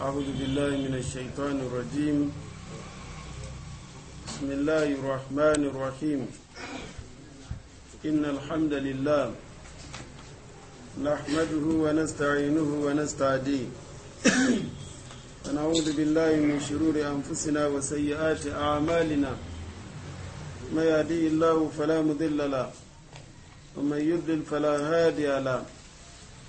أعوذ بالله من الشيطان الرجيم بسم الله الرحمن الرحيم إن الحمد لله نحمده ونستعينه ونستعديه ونعوذ بالله من شرور أنفسنا وسيئات أعمالنا ما يهديه الله فلا مضل له ومن يضلل فلا هادي له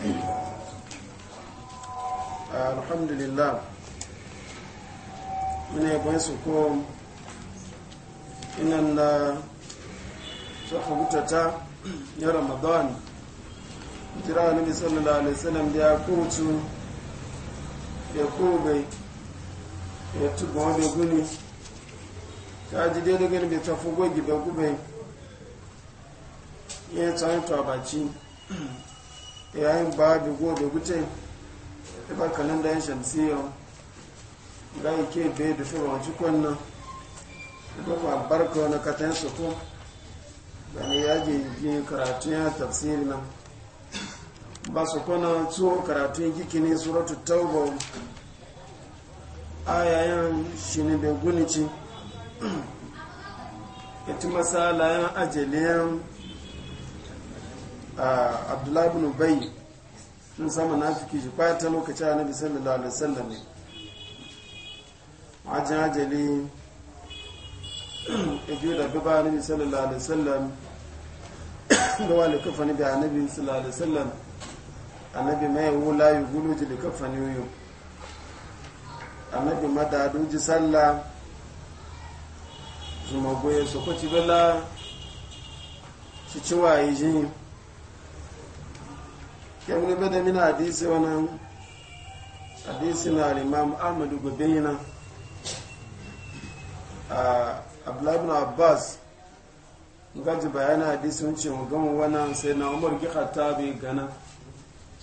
Eh, alhamdulillah muna yabon su ko inan na shafa gutata ya ramadan jira nabi sallallahu alaihi wasallam da ya kurutu ya kobe ya tuba wani guni ta ji daidai gani bai tafi gogi gube ya tsanto baci yayin ba da gobe gute ta ba kalanda yin shamsiyya ga ike bai da tsoron jikon nan da kuma albarka wani katayin soko da ne ya ji yi karatun ya tafsiri nan ba su kwana tso karatun gikini suratu a yayin shi ne bai gunici masala yan ajaliyan abdullahi ibn ubay sun sama nafiki shi kwata lokacin annabi sallallahu alaihi wasallam ne ajin ajali a biyu da gaba annabi sallallahu alaihi wasallam da wale kafani da annabi sallallahu alaihi wasallam annabi mai wula yi gulu ji da kafani yoyo annabi madadu ji sallah zuma goye sokoci bala ci ciwa yi jini kemgbe bada mina hadisi wani hadisi na limam ahmadu gobeyina a abdullabin abbas gaji bayanin hadisi wuce gama wannan sai na umar gikata bai gana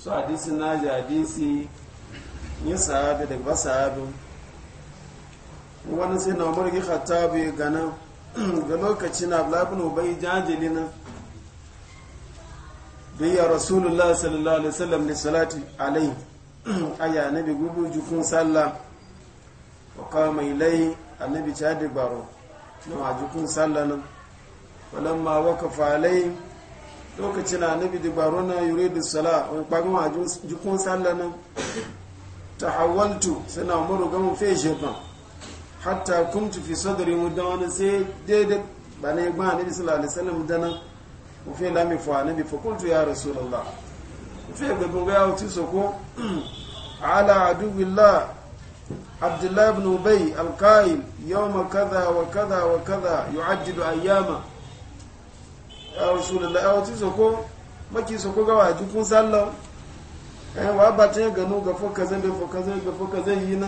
su hadisi na ji hadisi yin sahabi da ba sahabi wani sai na umar gikata bai gana ga lokacin abdullabin jajili na biya rasulullah sallallahu alaihi wasallam ni salati alai aya nabi gugu jukun salla wa qama ilai annabi chadi baro na jukun salla nan walamma waqafa alai lokacin annabi di baro na yuridu sala wa qama jukun salla nan tahawaltu sana umaru gamu fe shefan hatta kuntu fi sadri mudawana sai daidai bane ba annabi sallallahu alaihi wasallam dana وفي لامي فاني فقلت يا رسول الله في غبغيا وتسوكو على عدو الله عبد الله بن ابي القائل يوم كذا وكذا وكذا يعجل اياما يا رسول الله وتسوكو ما كيسوكو غوا تكون سالو eh wa batin ganu ga foka zambe foka zambe ga foka zai yina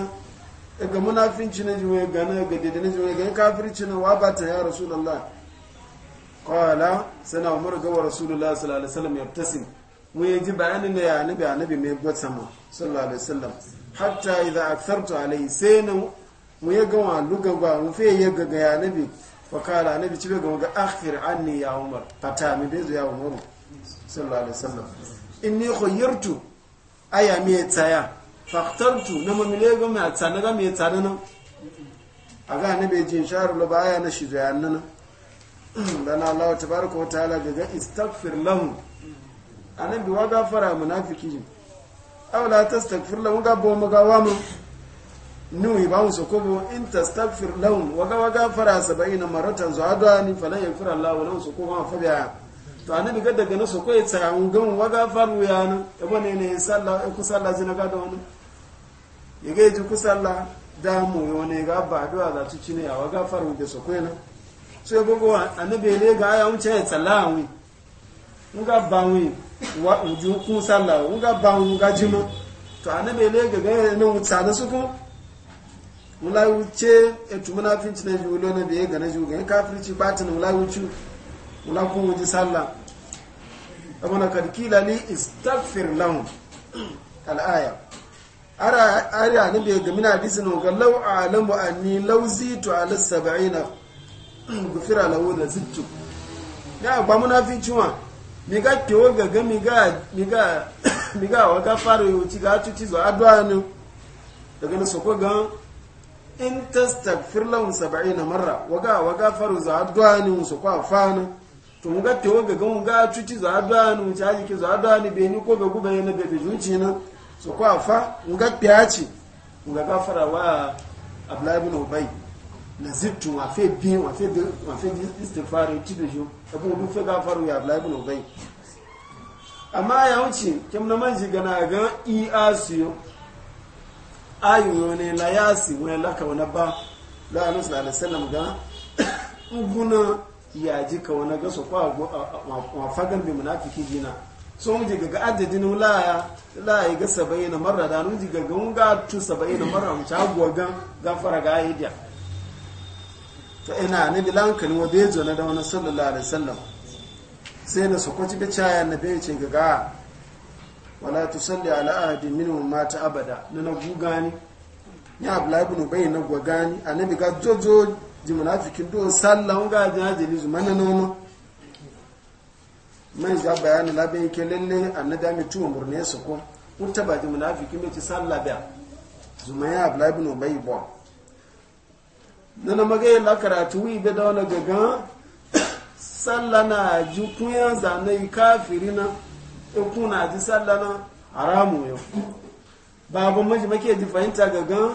ga munafin cinin jiwe ga na ga dedene jiwe ga kafirci ne wa batin ya rasulullahi qala sana umar ga rasulullahi sallallahu alaihi wasallam yabtasim mu yaji bayanin da ya nabi annabi mai gwatsa mu sallallahu alaihi wasallam hatta idza akthartu alaihi sai na mu yaga wa luga ba mu fe yaga ga ya nabi fa kala nabi ci ga ga akhir anni ya umar fata mi bezo ya umar sallallahu alaihi wasallam inni khayyartu aya mi tsaya fa faktartu na mamile ga mai tsana ga mai tsana nan aga nabi jin sharu la baya na shi zayan nan dana Allah tabaraka wa ta'ala ga istaghfir lahum annabi wa gafara munafiki aw la tastaghfir lahum ga bo maga mu nu ibawu sokobo in tastaghfir lahum wa ga gafara sabaina maratan zuada ni falan yaghfir Allah wa lahum sokobo fa biya to annabi ga daga nasu ko ya tsayan gan wa gafaru ya nan yabo ne ne sallah ku sallah zina ga da wani ya ji ku sallah da mu yone ga ba addu'a za su cine ya wa gafaru da sokoyo nan so ya gogo annabi ne ga ya wuce ya tsalla ga ba bawi wa uju kun salla nga bawi nga jima to annabi ne ga ga ne wutsa su ko wala wuce ya munafinci na julo na biye ga na juga kafirci batin wala wuce wala kun wuce salla abuna kadkila li istaghfir lahum al-aya ara ara a biye ga mina bisin ga law a anni law zitu ala 70 gufira lahu da zittu ya ba munafici wa mi ga kewo gaga mi ga mi ga mi ga wa ga fara yau ci ga cuci zuwa addu'a ne daga na soko ga in tastaghfir lahum 70 marra wa ga wa ga faru zuwa addu'a ne su kwa fana to mu ga kewo gaga mu ga cuci zuwa addu'a ne mu ci aji ki zo addu'a ne ni ko be guba yana be be junci na so kwa fa mu ga piaci mu ga gafara wa abdullahi ibn ubay nazibtu wa fe bi wa fe wa fe istighfar ti de jo abu du fe faru ya abla ibn ubay amma ya wuce kim na manji gana ga i asiyo ayu ne la yasi wa la ka wana ba la anas la sallam ga ubuna ya ji ka wana ga so kwa wa fagan bi munafiki jina so mu jiga ga adadin la la ga 70 marra da mu jiga ga mun ga tu 70 marra mu ta gwa ga gafara ga aidiya to ina ne da lankani wa bai zo na da wani sallallahu alaihi wasallam sai na kwaci da caya na bai ce gaga wala salli ala ahadin minhum mata abada na na gugani ya abla ibn ubay na gwagani annabi ga jojo ji munafikin do sallahu ga zuma na nono mai za bayanin bai ke lalle annabi mai tuwa murne su ko mutaba ji munafikin mai ci sallah zuma ya abla ibn ubay ba nana magai la karatu wi be da wani gaga sallana ji kuyan zane kafiri na iku e na ji na haramu yau babu maji make ji fahimta gaga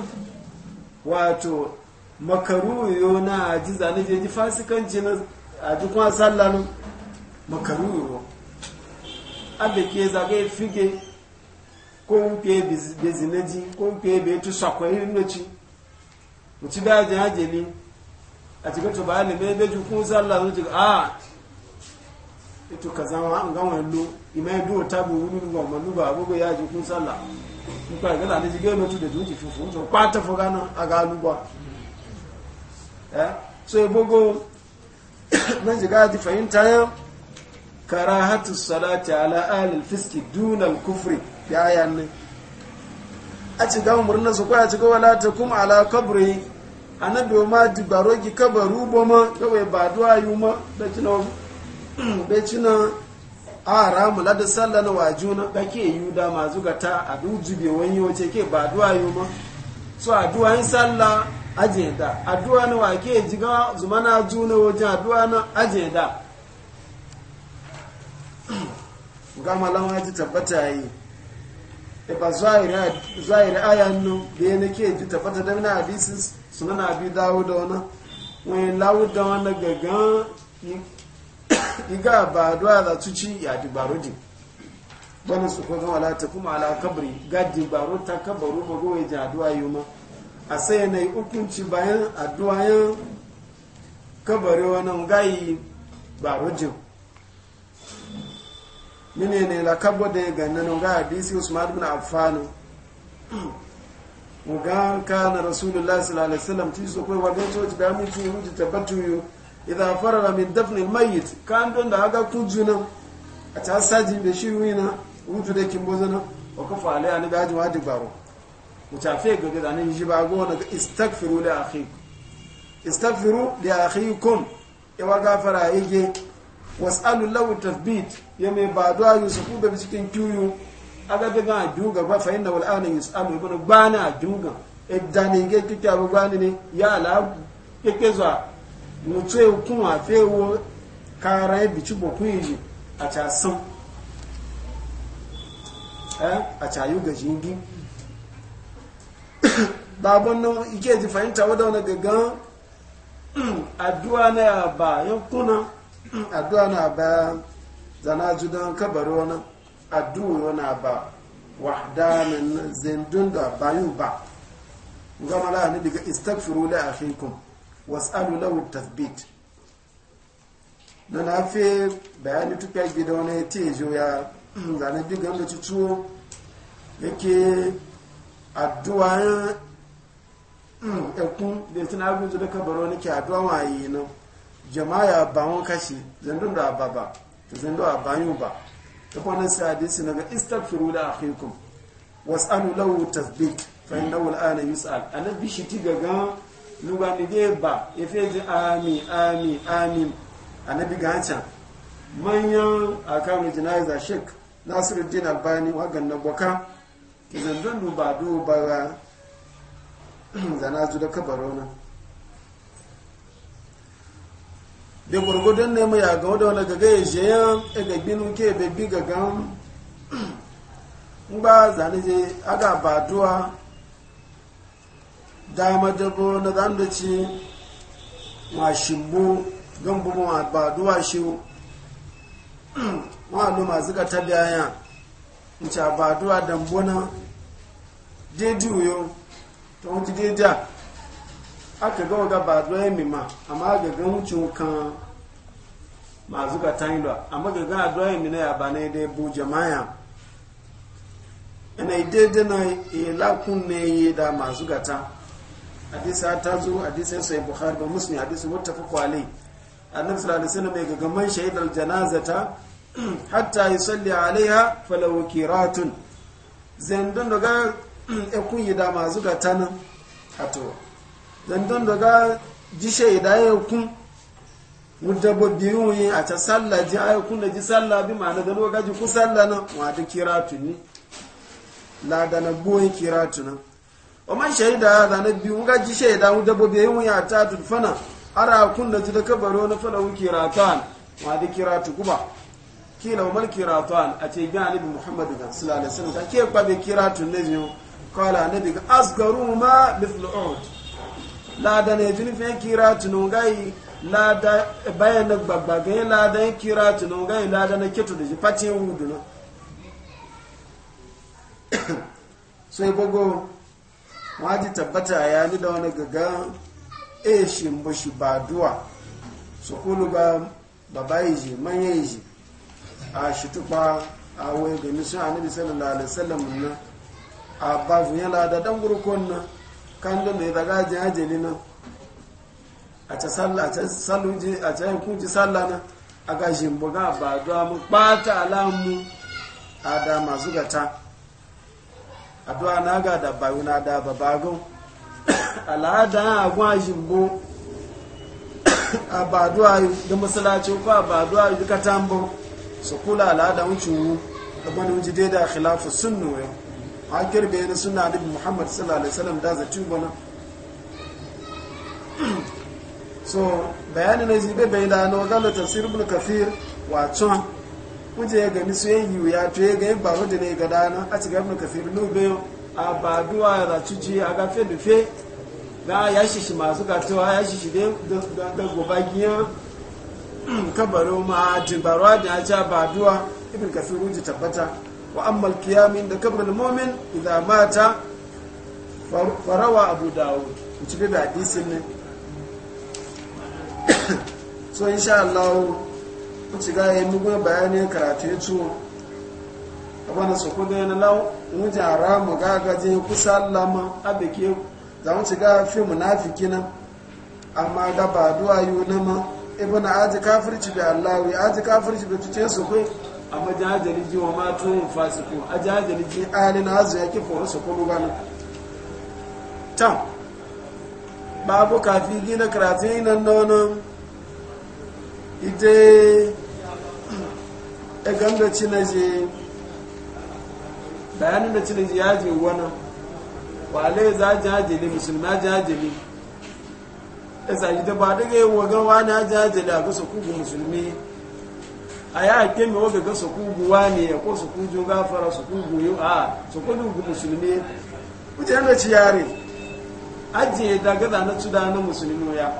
wato makaru yo na ji zane je ji fasikanci na a ji kuma na makaru yo abe ke zage fige ko mpe na ko mpe betu sakwa irin noci mutu da ji a cikin to ba ne bai ji kun sallah zo a ah! ito ka zama an gama lo imai duwa ta bu wuni ma ya ji kun in ka ga da jige no da juji fufu to kwata fo gana aga luba eh? so bogo nan jiga ji fahimta yau karahatu salati ala ahli fiski duna kufri ya yanne ne a ci ga murna su kwaya ci ga wala ta kuma ala kabri anabi ma dubaro ki kabaru bo ma kawai ba duwa yi ma da cina a ramu lada salla na waju na kake yi da ma zuga ta a dujube wani wace ke ba duwa yi ma so a duwa yin salla ajiye da a duwa na ji jiga zuma na juna wajen a duwa na ajiye da gama lawan ji tabbata yi ba zahiri ayan nan da ya nake ji tabbata da na hadisis bi abi dawud wani wani lawud wani gagan iga ba duwa da tuci ya di ji bana su ko zama ta kuma ala kabri ga baro ta kabaru ma gowe ji aduwa yi ma a sai na yi hukunci bayan aduwa yin kabari wani gayi baro ji mine ne la kabo da ya nan ga hadisi usman ibn affan Mu kana rasulullahi sallallahu alaihi wasallam ti so kai wabe to ti dami ti mu tabbatu yo idan farara min dafn al mayyit kan don da aga a ta saji be shi wina mutu da kimbozana wa kafa alai an ga ji wadi baro mu ta fe ga da nan ji ba go a istaghfiru li akhikum istaghfiru li akhikum e wa gafara yake was'alu lahu tathbit yame ba do su ku da cikin kiyu aga de ga duga ba fa inna wal ana yusalu ibn bana duga edani ge kike abugani ni ya la kike za mutwe kun afe wo kara e bichu boku yi a ta sun eh a ta yuga jingi babon nan ike ji fahimta wadda wani gaggan addu'a na ba yankuna addu'a na ba zanaju judan kabarwa na addu'o na ba wahdanan zindun da bayu ba gama la daga istaghfiru la akhikum was'alu lahu tathbit na na fe bayani tuka gida wani tejo ya zane diga mm, da tutuwo yake addu'a ekun da tana abin da kabaro nake addu'a wayi nan jama'a ba won kashi zindun da ababa zindun abayu ba ikwanin sai hadisi na ga istagfiru da akhikum was'alu lahu tasbit fa innahu al'ana yus'al annabi shi ti gaga nuba ni de ba yafe ji ami ami amin annabi ga hancan manyan akamu jinaiza shek nasiruddin albani wagan na boka ki zandun duba duba zana zu da kabarona da gwargwadon ya ga-odo wadda wani gaga ya je yan egagbi nuke bebbi gagan ba zane je aga baduwa dama dabo na zan da ci ma shimbo gan bubu ma baduwa shi ma lo ma zika ta biya in ci a baduwa dambona daidai uyo ta wuce daidai Akaga ga wanda ba zuwa yammi ma amma ga ga wucin kan masu ka ta hilwa amma ga ga zuwa yammi na ya ba na idai bu jama'a Ina idai da na ilakun ne yi da masu gata hadisa ta zo hadisa sai bukhari ba muslim hadisa wata fa kwale annabi sallallahu alaihi wasallam ga man shahidal janazata hatta yusalli alaiha falaw kiratun zendon daga ekun yi da masu gata nan hatowa zandon daga ji shaida ya kun mudabba biyu yi a ta sallah ji ayo kun da ji sallah bi ma'ana da gano gaji ku sallah na wa kira tuni lada na boyin kira tuni. o man shaida da na biyu ga ji shaida mudabba biyu yi a ta tulfana ara kun da ji da kabaro na fada wuki ratan wa ta kira tukuba kila umar kira tuwan a ce gina nabi muhammad da sallallahu alaihi ta ke kwabe kira tun ne jiyo kwala nabi ga asgaru ma mithlu lada ne filifin kira tunungai lada bayan na gbagbagaye lada ya kira tunungai lada na kito da jifatin wudu na sai gogo waji tabbata ya ni da wani gaga e shi mbushi ba duwa su kulu ba baba yi manya yi a shi tukpa a wai ga nisan anabi sallallahu alaihi wasallam na a babu yana da dan gurkon na kan don da ya daga jin ajiyar nan a ce salluji a yin yankunci salla na a ga shimbuga ba zuwa mu ɓata alamu a da masu gata a duwa na ga da bayu na da babagon al'ada a gwa bo a ba duwa da musulaci ko a ba duwa duka tambo su kula al'ada wucin wu da wani wuce daidai a khilafu sun nuwa girbe bayan suna nabi muhammad sallallahu alaihi wasallam da zati bana so bayanin na zibe bai da na wadanda tafsir ibn kafir wato kuje ya gani su yayi ya to ya ga ba wadda ne ga dana a cikin ibn kafir no bayo a ba duwa da cuci a ga fe da fe da ya shishi masu gatowa ya shishi da gobagiya kabaro ma jibaro da ya ja ba duwa ibn kafir wuce tabbata wa amma alkiyamin da kabarin mumin idan mata farawa abu dawo ci bi hadisin ne so insha Allah ku ci ga yi mugu bayani karatu ya ciwo abana su kudu yana lau mu jara mu gagaje kusa lama abike za mu ci ga fi munafiki nan amma da ba duwayo na ma ibn aji kafirci bi allawi aji kafirci bi tuce su kai amma jahajali ji wa matu fasiku a jahajali ji ainihin hazu ya kifo wasu kuru gano can babu kafi gina karatu yi nan nonon ita a e ganga cinaje bayanin da cinaje ya je wani wale za jahajali musulma jahajali ya e sa ita ba daga yi wa gawa na jahajali a kusa kugu musulmi a ya ake mai wadda ga su kuguwa ne ko su kujin gafara su kuguyu a su kudu musulmi kuje na ci yare ajiye daga da na tuda na musulmi ya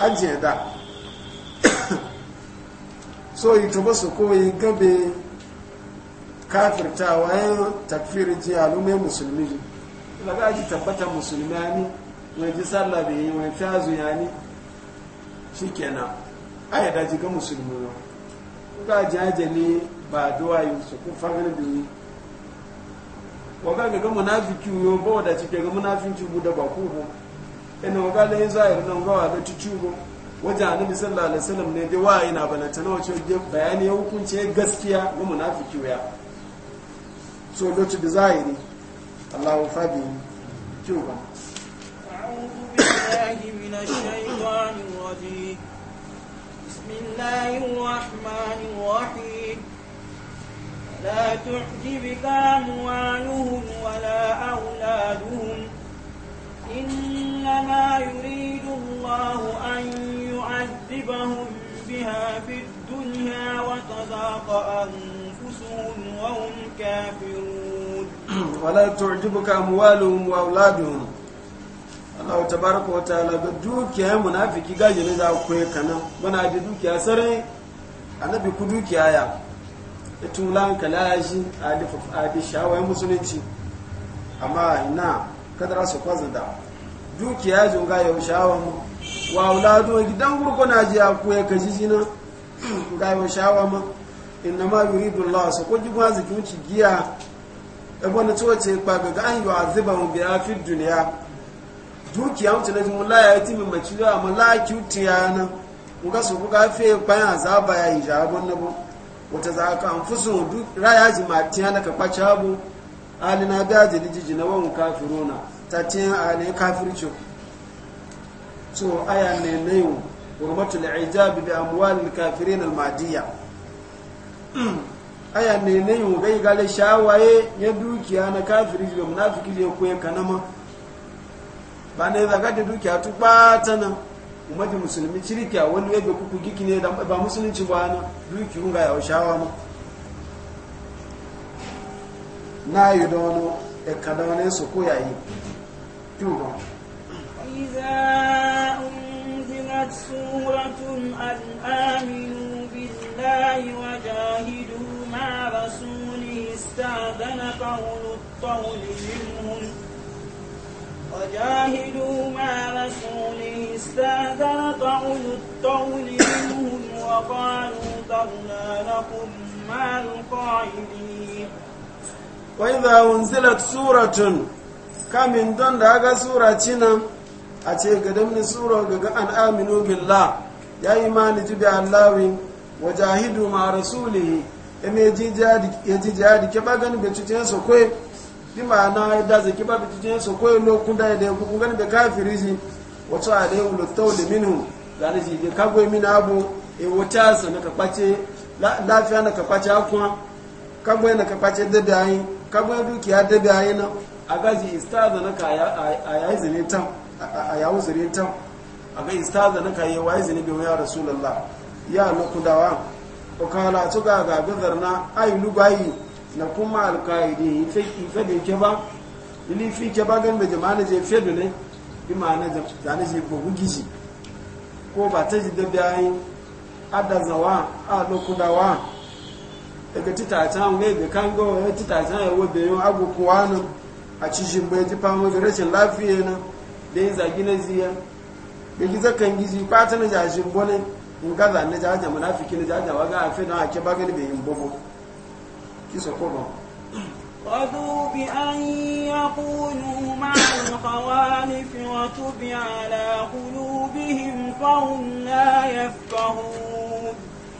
ajiye da so yi tuba su koyi gabe kafirtawa yin takfiri jiya lumai musulmi daga aji tabbatar musulmi ya ne wani ji sallah yi wani fiyazu ya ne shikenan a yada ji ga musulmi ga jajale ba duwa yi su kun fagana da yi waga ga ga munafiki yo ba da ci ga munafinci bu da ba ku bu ina waga da yin zahiri nan ga waga tutu wajen annabi sallallahu alaihi wasallam ne dai wa'ayi na balanta na wace bayani ya hukunce gaskiya ga munafiki ya so lokacin da zahiri Allahu fabi ba. بالله من الشيطان الرجيم بسم الله الرحمن الرحيم لا تعجبك أموالهم ولا أولادهم إنما يريد الله أن يعذبهم بها في الدنيا وتذاق أنفسهم وهم كافرون ولا تعجبك أموالهم وأولادهم Allah ta baraka wa ta'ala ga dukiya ya munafiki gaji ne za ku yi kana mana da dukiya sarai annabi ku dukiya ya ita mulan kalashi adi shawai musulunci amma ina kadara su kwazin da dukiya ya zunga yau shawan mu wa wa gidan gurko na ji ya ku ya kaji jina ga yau shawa ma inna ma yuri Allah su ko ji ma zikin ci giya ebona tsoce ba kpagaga an yi wa mu biya fi duniya dukiya wuce na jimun laya ya ti mai maci ya ma la kyuti ya na kuka su kuka fi bayan azaba ya yi jabon na bu wata za ka an fusu raya ji ma yana na ka kwace abu alina gaji da jiji na wan kafiruna ta tiya alin ce so aya ne na yau hurmatul ijabi bi amwalil kafiri na madiya aya ne na yi gai gale shawaye ya dukiya na kafiri ji da munafiki ya ko kanama ba ne zaga da dukiya tu ɓata nan umarci musulmi cirkiya wani ya ga kuku giki ne ba musulunci ba na duki ga ya shawa ma na yi da wani ikada su ko yayi tuba سورة أن آمنوا بالله وجاهدوا مع رسوله الطول منهم وجاهدوا مع رسوله استاذنك أولو الطول منهم وقالوا ذرنا لكم مع القاعدين وإذا أنزلت سورة kamin don da aka sura cinan a ce ga damni sura ga an aminu billah ya yi mani jibi bi allawi wa jahidu ma rasulihi ya ji jihadi ke bagan bai cikin su bi ma'ana ya da zaki ba bi tijin so ko lo kun da da kun gani da kafiri ji wato a da yulu tawli minhu da ne ji ka go min abu e wata sa na ka kwace lafiya na ka kwace akwa ka go na ka kwace da da yi ka go dukiya da da yi na a gaji istaza na ka a yayi zine tam a yawo zine tam a ga istaza na ka yi wai zine bi ya rasulullah ya lokudawa ko kala to ga ga gazarna ai lugayi na kuma alkaidi ife da ke ba ili fi ke ba gan da na je fe da ne bi ma'ana da zane je gogu gizi ko ba ta ji da bayan adazawa a lokudawa daga titatan gai da kan gawa ya titatan ya wabe yau agogowa nan a cishin bai ji fama da rashin lafiya nan da yin zagi na ziya da gizo kan gizi kwata na jashin bane in gaza na jajen munafiki na jajen waga a fi na ake bagani bai yin bugu kisa koma رضوا بأن يكونوا مع الخوالف وتبع على قلوبهم فهم لا يفقهون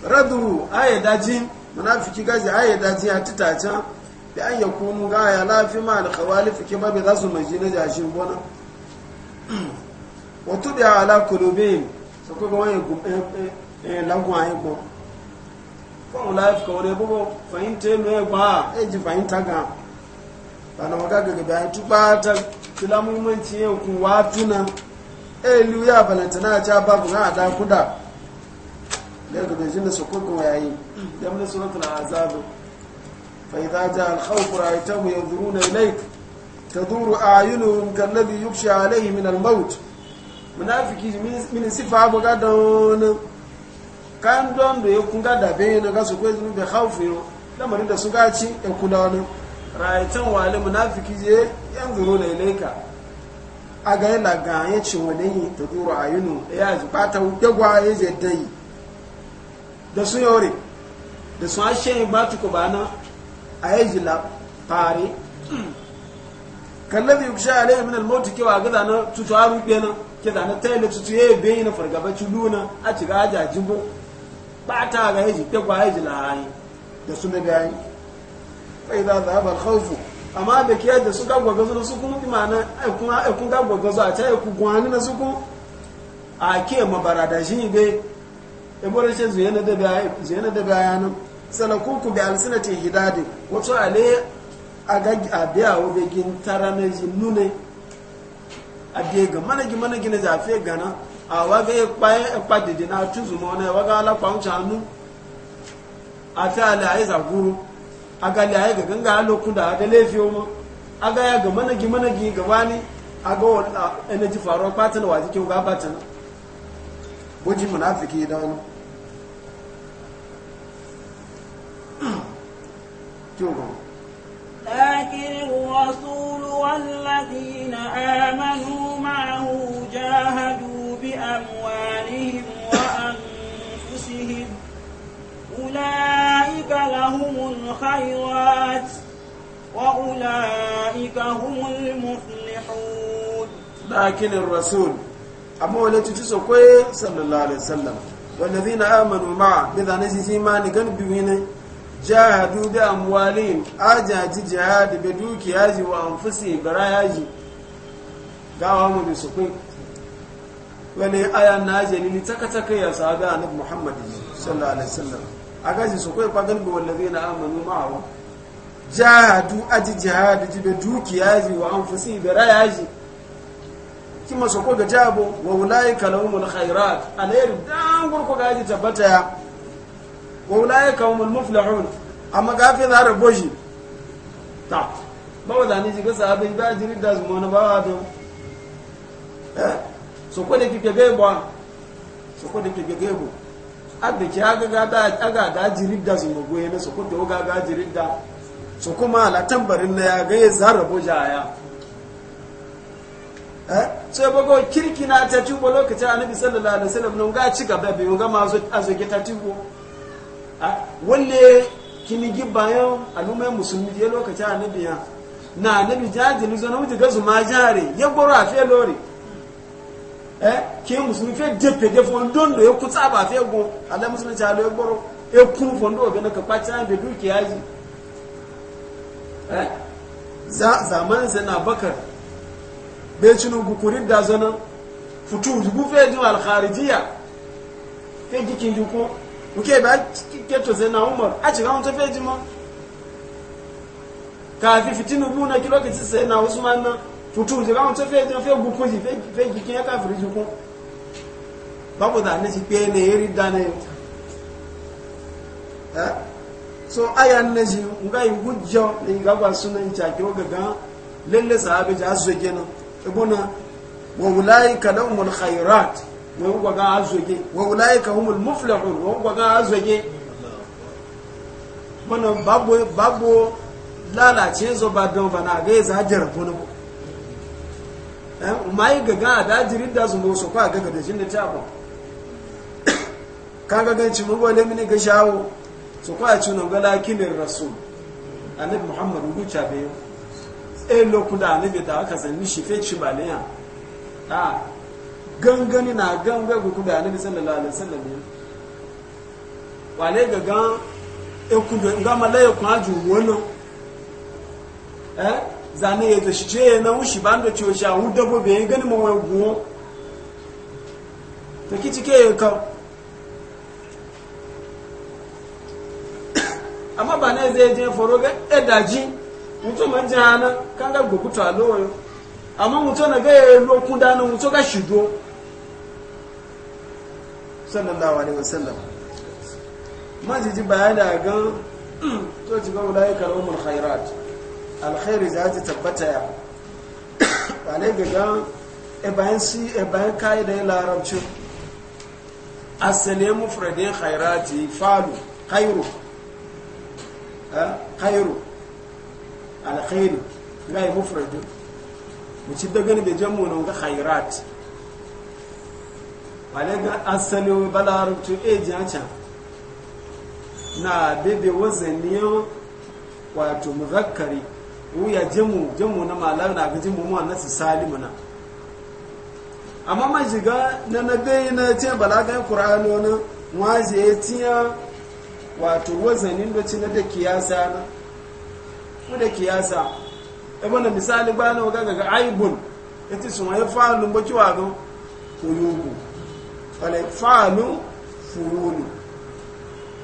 رضوا آية داجين munafiki gaji aya da ji a da an ya ga ya lafi ma da ke ba za su maji na jashin bona wato ala sako ga wani ayi ko fọ́n láìfì kọ̀wọ́dé gbogbo fẹ̀yìntì ìlú ẹgbà èjì fẹ̀yìntà gan bàná wọn gàgàgà bí i túpá ta filamu mọ̀ntì ẹkùn wá túnà èlú yà bàlẹ̀ntì náà já bàbù yayi yẹmu ní sọ́nà tàná azabu fẹ̀yìntà já alhawkura ìtàmù yẹ na ilẹ̀ tadúró ayúnu kallabi yukṣe alayhi min almaut munafiki min sifa kan don da ya kunga da bai na gasu kwai zubi bai haufiyo lamarin da su gaci ya kuna wani rayatan wale munafiki je yan zuru na ileka a ga yana ga ya wani yi ta duro a yinu ya ji bata yagwa ya je dai da su yore da su ashe yi ba tuku ba na a yi jila fare kallabi kusa alaihi min almauti kewa ga zana tutu a rufe na ke zana tayi da tutu ya yi bayi na fargaba luna a ciga ajajin bata ga yaji ke kwa yaji lahayi da su na bayan fa za za ba khawfu amma da ke da su ga gwagazo su kun bi mana ai kun ai kun ga gwagazo a tai ku gwani na su kun a ke mabarada shi be e bore ce zuye na da bayan zuye na da bayan ku bi alsinati hidadi wato ale a aga a wo be gin tarane nune gi managi managi na zafe gana awaga ekpa didi na atụzụm ọnụ ewaga alakwa ncha anụ atali aiza gwuru agali ayi gaga nga alokun da aga lefi omo aga ga managi managi gabani aga energy faruwa patin wa jikin ga batin bujin munafiki لكن الرسول والذين آمنوا معه جاهدوا ai a wani kifin wani kifin wula yi ka humnufu kai wani yana da wani kifin rasul a maholaitu ta saukai sallalahu alaihi wa wanda zina a amanu ba a baza na jijima ni gan biyu ne jihar dubi a a jijiyan hada da dukiya ajiye a wani kifin aji da a wani dusu wani aya na jeli ni taka-taka ya sahabi annabi muhammad sallallahu alaihi wasallam a gaji su kai kwagan bi wallazi na amanu ma'awa jahadu aji jihadu jibe dukiya ji wa anfusi bi rayaji kima su koga jabo wa ulai kalawmul khairat alayr dan gurko gaji tabbata ya wa ulai kawmul muflihun amma gafi na rabo shi ta da ni ji ga sahabi ba jiri da zuma na ba wa so ko da kike gaiba so ko da kike gaibo abda ki aga ga da aga da jirida su go yana so ko da ga ga jirida so kuma la tambarin na ya ga ya jaya eh so ya bago kirki na ta tubo lokacin annabi sallallahu alaihi wasallam non ga ci gaba bai ga mazo azoge ta tubo ah walle kini gibayan alumai musulmi je lokacin annabi ya na annabi jajin zo na wuce gazu ma jare ya goro a fe lori Eh, kí ke musulmi fe depe de fondon do ya kutsa ba fe go Allah musulmi tí a lọ e kun fún be na náà kwacha be duki yaji eh zaman sana bakar be cinu gukurin da futu dubu fẹ́ ju al fẹ́ jikin gikin duko uke ba keto zana umar a ci ga on ji mo ka fi fitinu buna usman na tutunze káwọn tó fẹ́ tó fẹ́ gukú sí fẹ́ kíkí ba káfìrí jukú bábọ̀dà ní ti pé ní eré dáná ẹ́ so aya ní lẹ́sí nga ìwú jọ ní ìgbàgbà súnà ìjàkí ó gàgán lẹ́lẹ́ sàábẹ́ jà azọ́gẹ́ náà ẹgbọ́n náà wọ́n wù láyé kàdá umar khairat wọ́n wù gbàgán azọ́gẹ́ wọ́n wù láyé kàdá umar muflahun wọ́n wù gbàgán azọ́gẹ́ mọ́nà bábọ̀ lálàcẹ́ zọba dán bana àgẹ́ ìzà jẹ̀rẹ̀ fún mai gaga a dajirin da su sokwa kwa gaga da jin da tabo kan gaga ci mun gole mini ga shawo su kwa ci nan ga lakinin rasul annabi muhammad guca be e lokuda annabi da aka sanni shi fe ci a gangani na ganga gugu da annabi sallallahu alaihi wasallam wale gaga e kudo ngama laye kwa ju wani eh zane ya zashi ce na wushi ba da ciwo sha hun dabo bai gani mawai guwo ta ki cike ya kawo amma ba na zai je foro ga daji mutum man ji hana kan ga gugutu a lowayo amma mutum na gaya ya yi lokun dana mutum ga shido shigo sallallahu alaihi wasallam majiji bayani a gan to ci ga wulayi kalamul khairat alkhairi za ta tabbata ya wane gagan e bayan si e bayan kai da larabci asale mufradin khairati falu khairu khairu alkhairu gai mufradin mu ci daga ne bai jamu na ga khairat wane ga asale balarabci e can na bebe wazaniyar wato muzakkari wuya jamu jamu na malar na ga jamu mu annasu salimu na amma man shiga na na bai na ce balagan qur'ani wani waje ya tiya wato wazanin da ci na da kiyasa na Ku da kiyasa e na misali ba na ga ga aibun yace su mai fa'alun baki wa ga kuyugu wala fa'alu furulu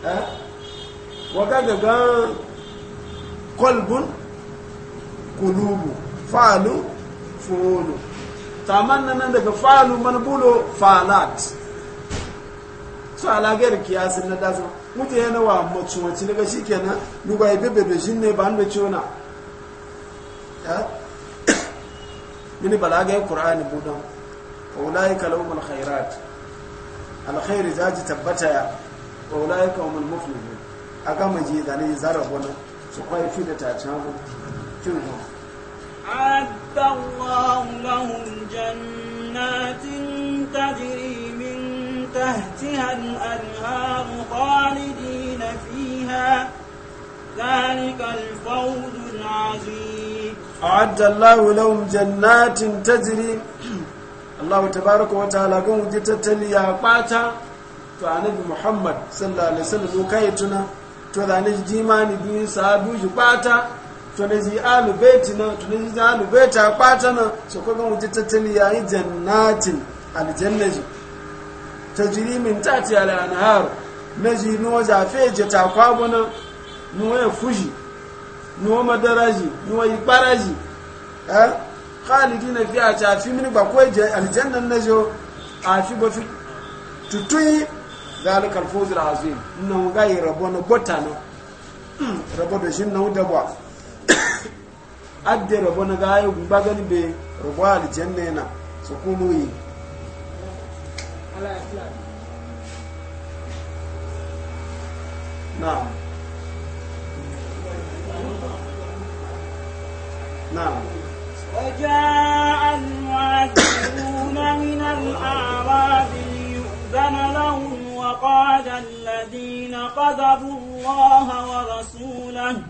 eh wa ga ga kolbun kulubu falu fulu taman nan daga falu manbulo falat su alagar kiyasin na dasa mutu yana wa macumaci daga shi kenan duba ya bebe da shi ne ba da ciwona mini balaga ya ƙura'ani budan ƙaulayi kalawun khairat alkhairi za ji tabbata ya ƙaulayi kawun mafi a gama ji zane zarar wani su kwaifi da ta abu أعد الله لهم جنات تجري من تحتها الأنهار خالدين فيها ذلك الفوز العظيم أعد الله لهم جنات تجري الله تبارك وتعالى قوم جتتلي يا باتا فعنبي محمد صلى الله عليه وسلم وكايتنا تو ذا نجي ماني بين صحابي باتا tunazi alubeti na tunazi alubeti a kwata na su kwagan wuce tattali ya yi jannatin aljannaji ta jiri min tati al'anahar na ji nuwa zafe je ta kwaguna nuwa ya fushi nuwa madaraji nuwa yi baraji eh khalidi na fiya ta fi mini ba kawai je aljannan na jo a fi ba fi tutui zalikar fozil azim nan ga yi rabo na bota na hmm, rabo da shi na da ba adde rabo na gayo gumba gani be rabo aljanna na su kunu yi na'am min al lahum wa alladhina qadabu allaha wa rasulahu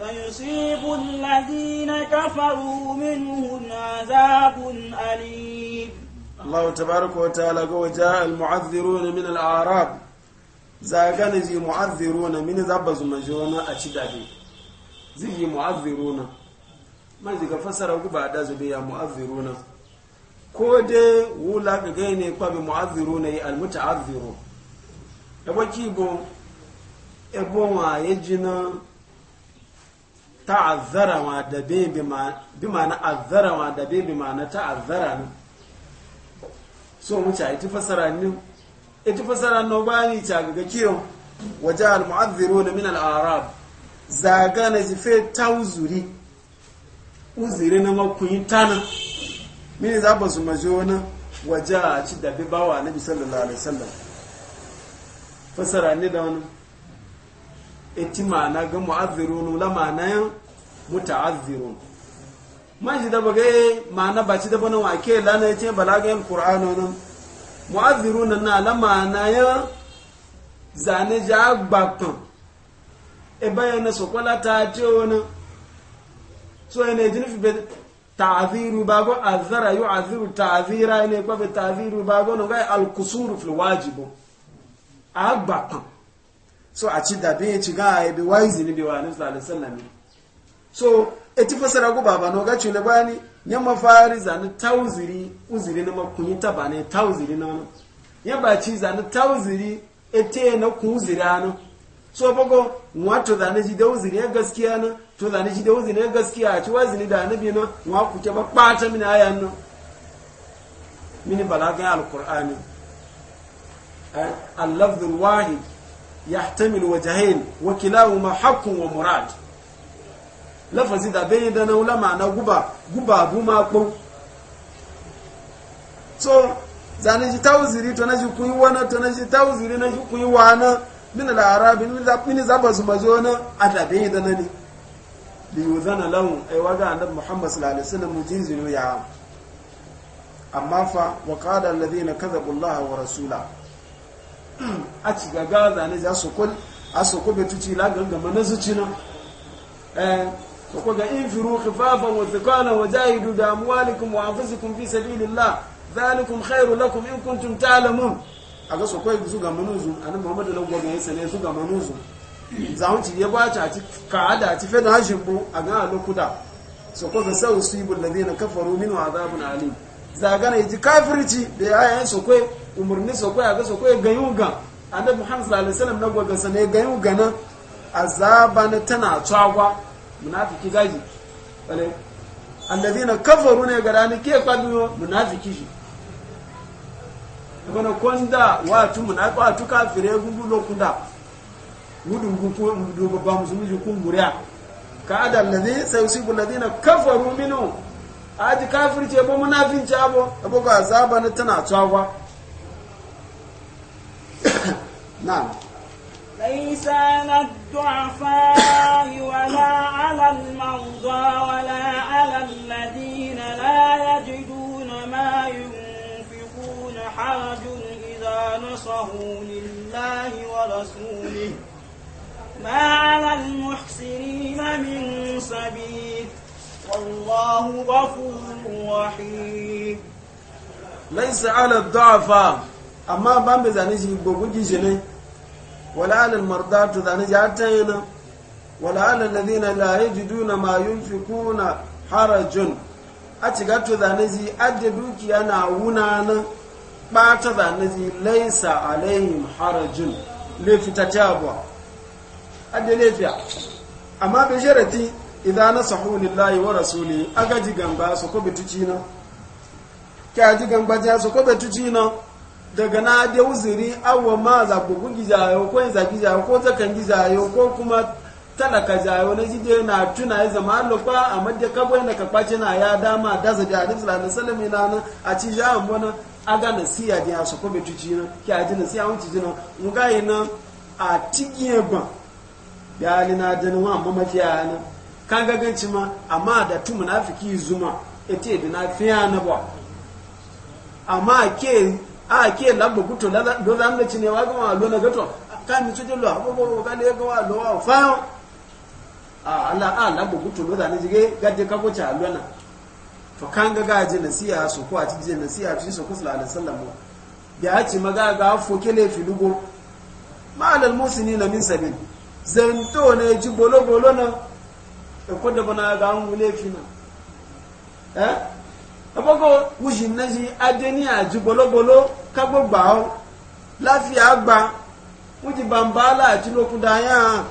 سيصيب الذين كفروا منهم عذاب أليم الله تبارك وتعالى جاء المعذرون من الأعراب زاغان زي معذرون من زبز مجونا أشدادي زي معذرون ما زي كفسر وقبع دازو بيا معذرون كودي ولا بغيني قبل معذرون المتعذرون يبقى كيبو ebo wa yejina ta'azzara ma da be bi ma na azzara da bi ma na ta'azzara ne so mu ita fasara ne ita fasara na ba ni ta ga kiyo waje al mu'azziruna min al arab zaga na zife tauzuri uzuri na makuyin tana mini za ba su majo wani waje a ci da bi bawa na sallallahu alaihi wasallam fasara ne da wani eti ma'ana ga mu'azzirun la ma'ana yan muta'azzirun man ji da baga ma'ana ba ci da bana wa ke lana yace balaga yan qur'ano nan mu'azzirun na la ma'ana ya zane ja gbakan e bayana sokola ta ce wani so ene jinfi be ta'ziru bago azara yu'aziru ta'zira ene kwa be ta'ziru bago no ga al-qusur fil wajibu agbakan so a ci dabe ya ci ga ya bi wayi zini bi wa nusa da sallami so e ti fasara go baba no ga ci le bani nya fari zani tauziri uziri na makunyi tabane tauziri na no nya ba ci zani tauziri e te na uziri ano so bago wato zani ji da uziri ya gaskiya na to zani ji da uziri ya gaskiya a ci zini da annabi na wa ku ke ba kwata mini aya no mini balagan alqur'ani eh, al-lafdh al-wahid يحتمل وجهين وكلاهما حق ومراد lafazin da bai da nan lama na guba guba bu ma so zane ji tawziri to naji kuyi wana to naji tawziri naji kuyi wana min al arabi min za min za ba su mazo na adabe da nan li yuzana lahu ay waga annabi muhammad sallallahu alaihi wasallam mujizin ya amma fa wa qala alladhina kadhabu allaha wa rasulahu a ci gaga zane za su kul a su kul tuci ci la na zuci na eh to ko ga infiru khifafan wa thiqala wa jahidu bi amwalikum wa anfusikum fi sabilillah zalikum khairu lakum in kuntum ta'lamun aga su kul zuga manuzu annabi muhammadu lagwa ga yasa ne zuga manuzu zawon ci ya bata ci kaada ci fe da hajin bu aga lokuta so ko ga sau su ibul ladina kafaru min azabun alim zagana yaji kafirci da yayan su kai umarni sako kwaya ga sako ya gayu ga annabi muhammad sallallahu alaihi wasallam na gwaga sane gayu ga nan azaba na tana tsagwa munafiki gaji wale alladhina kafaru ne ga rani ke kwadu munafiki shi kono konda watu munafiki watu kafire gungulo kunda gudun gugu musu babba musulmi kumburiya ka ada alladhi sayusibu alladhina kafaru minhu aji kafirce ba ci abo abogo azaba na tana tsawa نعم ليس على الضعفاء ولا على المرضى ولا على الذين لا يجدون ما ينفقون حرج إذا نصحوا لله ورسوله ما على المحسنين من سبيل والله غفور رحيم ليس على الضعفاء amma ban bai zane shi gogun gishi ne wala alal mardatu zane shi har ta yi nan wala alal ladina la yajiduna ma yunfikuna harajun a ci gato zane shi adda dukiya na wuna nan bata zane shi laisa alaihim harajun laifi ta abuwa adda laifiya amma bai sharati idan nasahu lillahi wa rasuli aga ji gamba su ko bituci na ke a ji gamba ja su ko bituci na daga na da uzuri awa ma zagugu gizayo ko yin zagi zayo ko zakan gizayo ko kuma talaka jayo na jide na tuna ya zama lokwa a madda kabo yana kakwace na ya dama da zabi a dinsu lalata salami na nan a ci ja an bana a ga siya da ya su kome betu na ki a jina siya wuce jina nan mu ga yi nan a tigiye ban ya hali na jini wa amma mafi a nan kan gaganci ma amma da tu munafiki zuma ita yi na fiya na ba amma ke a ah, ke lamba guto na do zan da cine wa gama lo na gato kan mi tuje lo ko ka ah, le ah, ga wa lo wa fa a Allah a lamba kuto lo zan jige gaje ka ko cha lo na to kan ga gaje nasiha su ko a ci je nasiha ci su kusla alaihi sallam ya ci maga ga fo kele filugo ma'alal musinina min sabil zanto ne ji bolo bolo na e ko da bana ga ne fi na eh ọgbọ́gbọ́ wùsì nẹ́sí adé ní àjú bolóboló kágbógbà ó láfíà àgbà wùjì bàmbá láti lókun dáyà hàn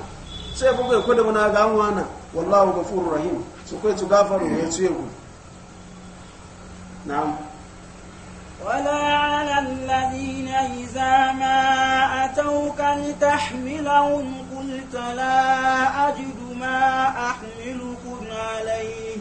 sai kuma ya kwada muna ga wana wallahu ghafurur rahim su kai tu gafaru ya ce ku ولا على الذين إذا ما أتوك لتحملهم قلت لا أجد ما أحملكم عليه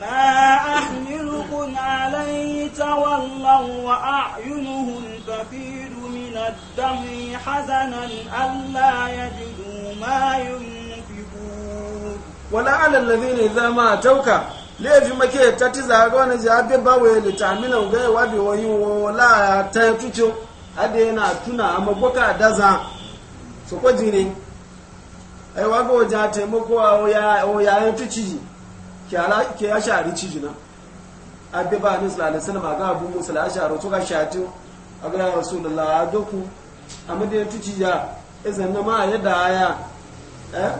ما أحملكم عليه تولوا وأعينهم تفيد من الدم حزنا ألا يجدوا ما ينفقون ولا على الذين إذا ما أتوك léèfì mọ́kẹ́ tàti zàgọ́ ní ṣe abẹ́báwẹ̀ lè tàmílẹ̀ ọ̀gá ìwádìí wọ̀nyí tuna, láàá tẹ́ túnṣe adẹ́yẹnà àtúnà àmọ́gbọ́kà dáza sọ́kọ́ jìnrìn ẹ̀wàgọ́ ọjà tẹ̀mọ́kọ́ ọ̀yà ẹ̀ túnṣe yìí ke ala ke ya shari cijina abbe ba ni sallallahu alaihi wasallam ga abu musa a shari to ga rasu da la'adoku a mada amade tuci ya izan e na ma ya da aya eh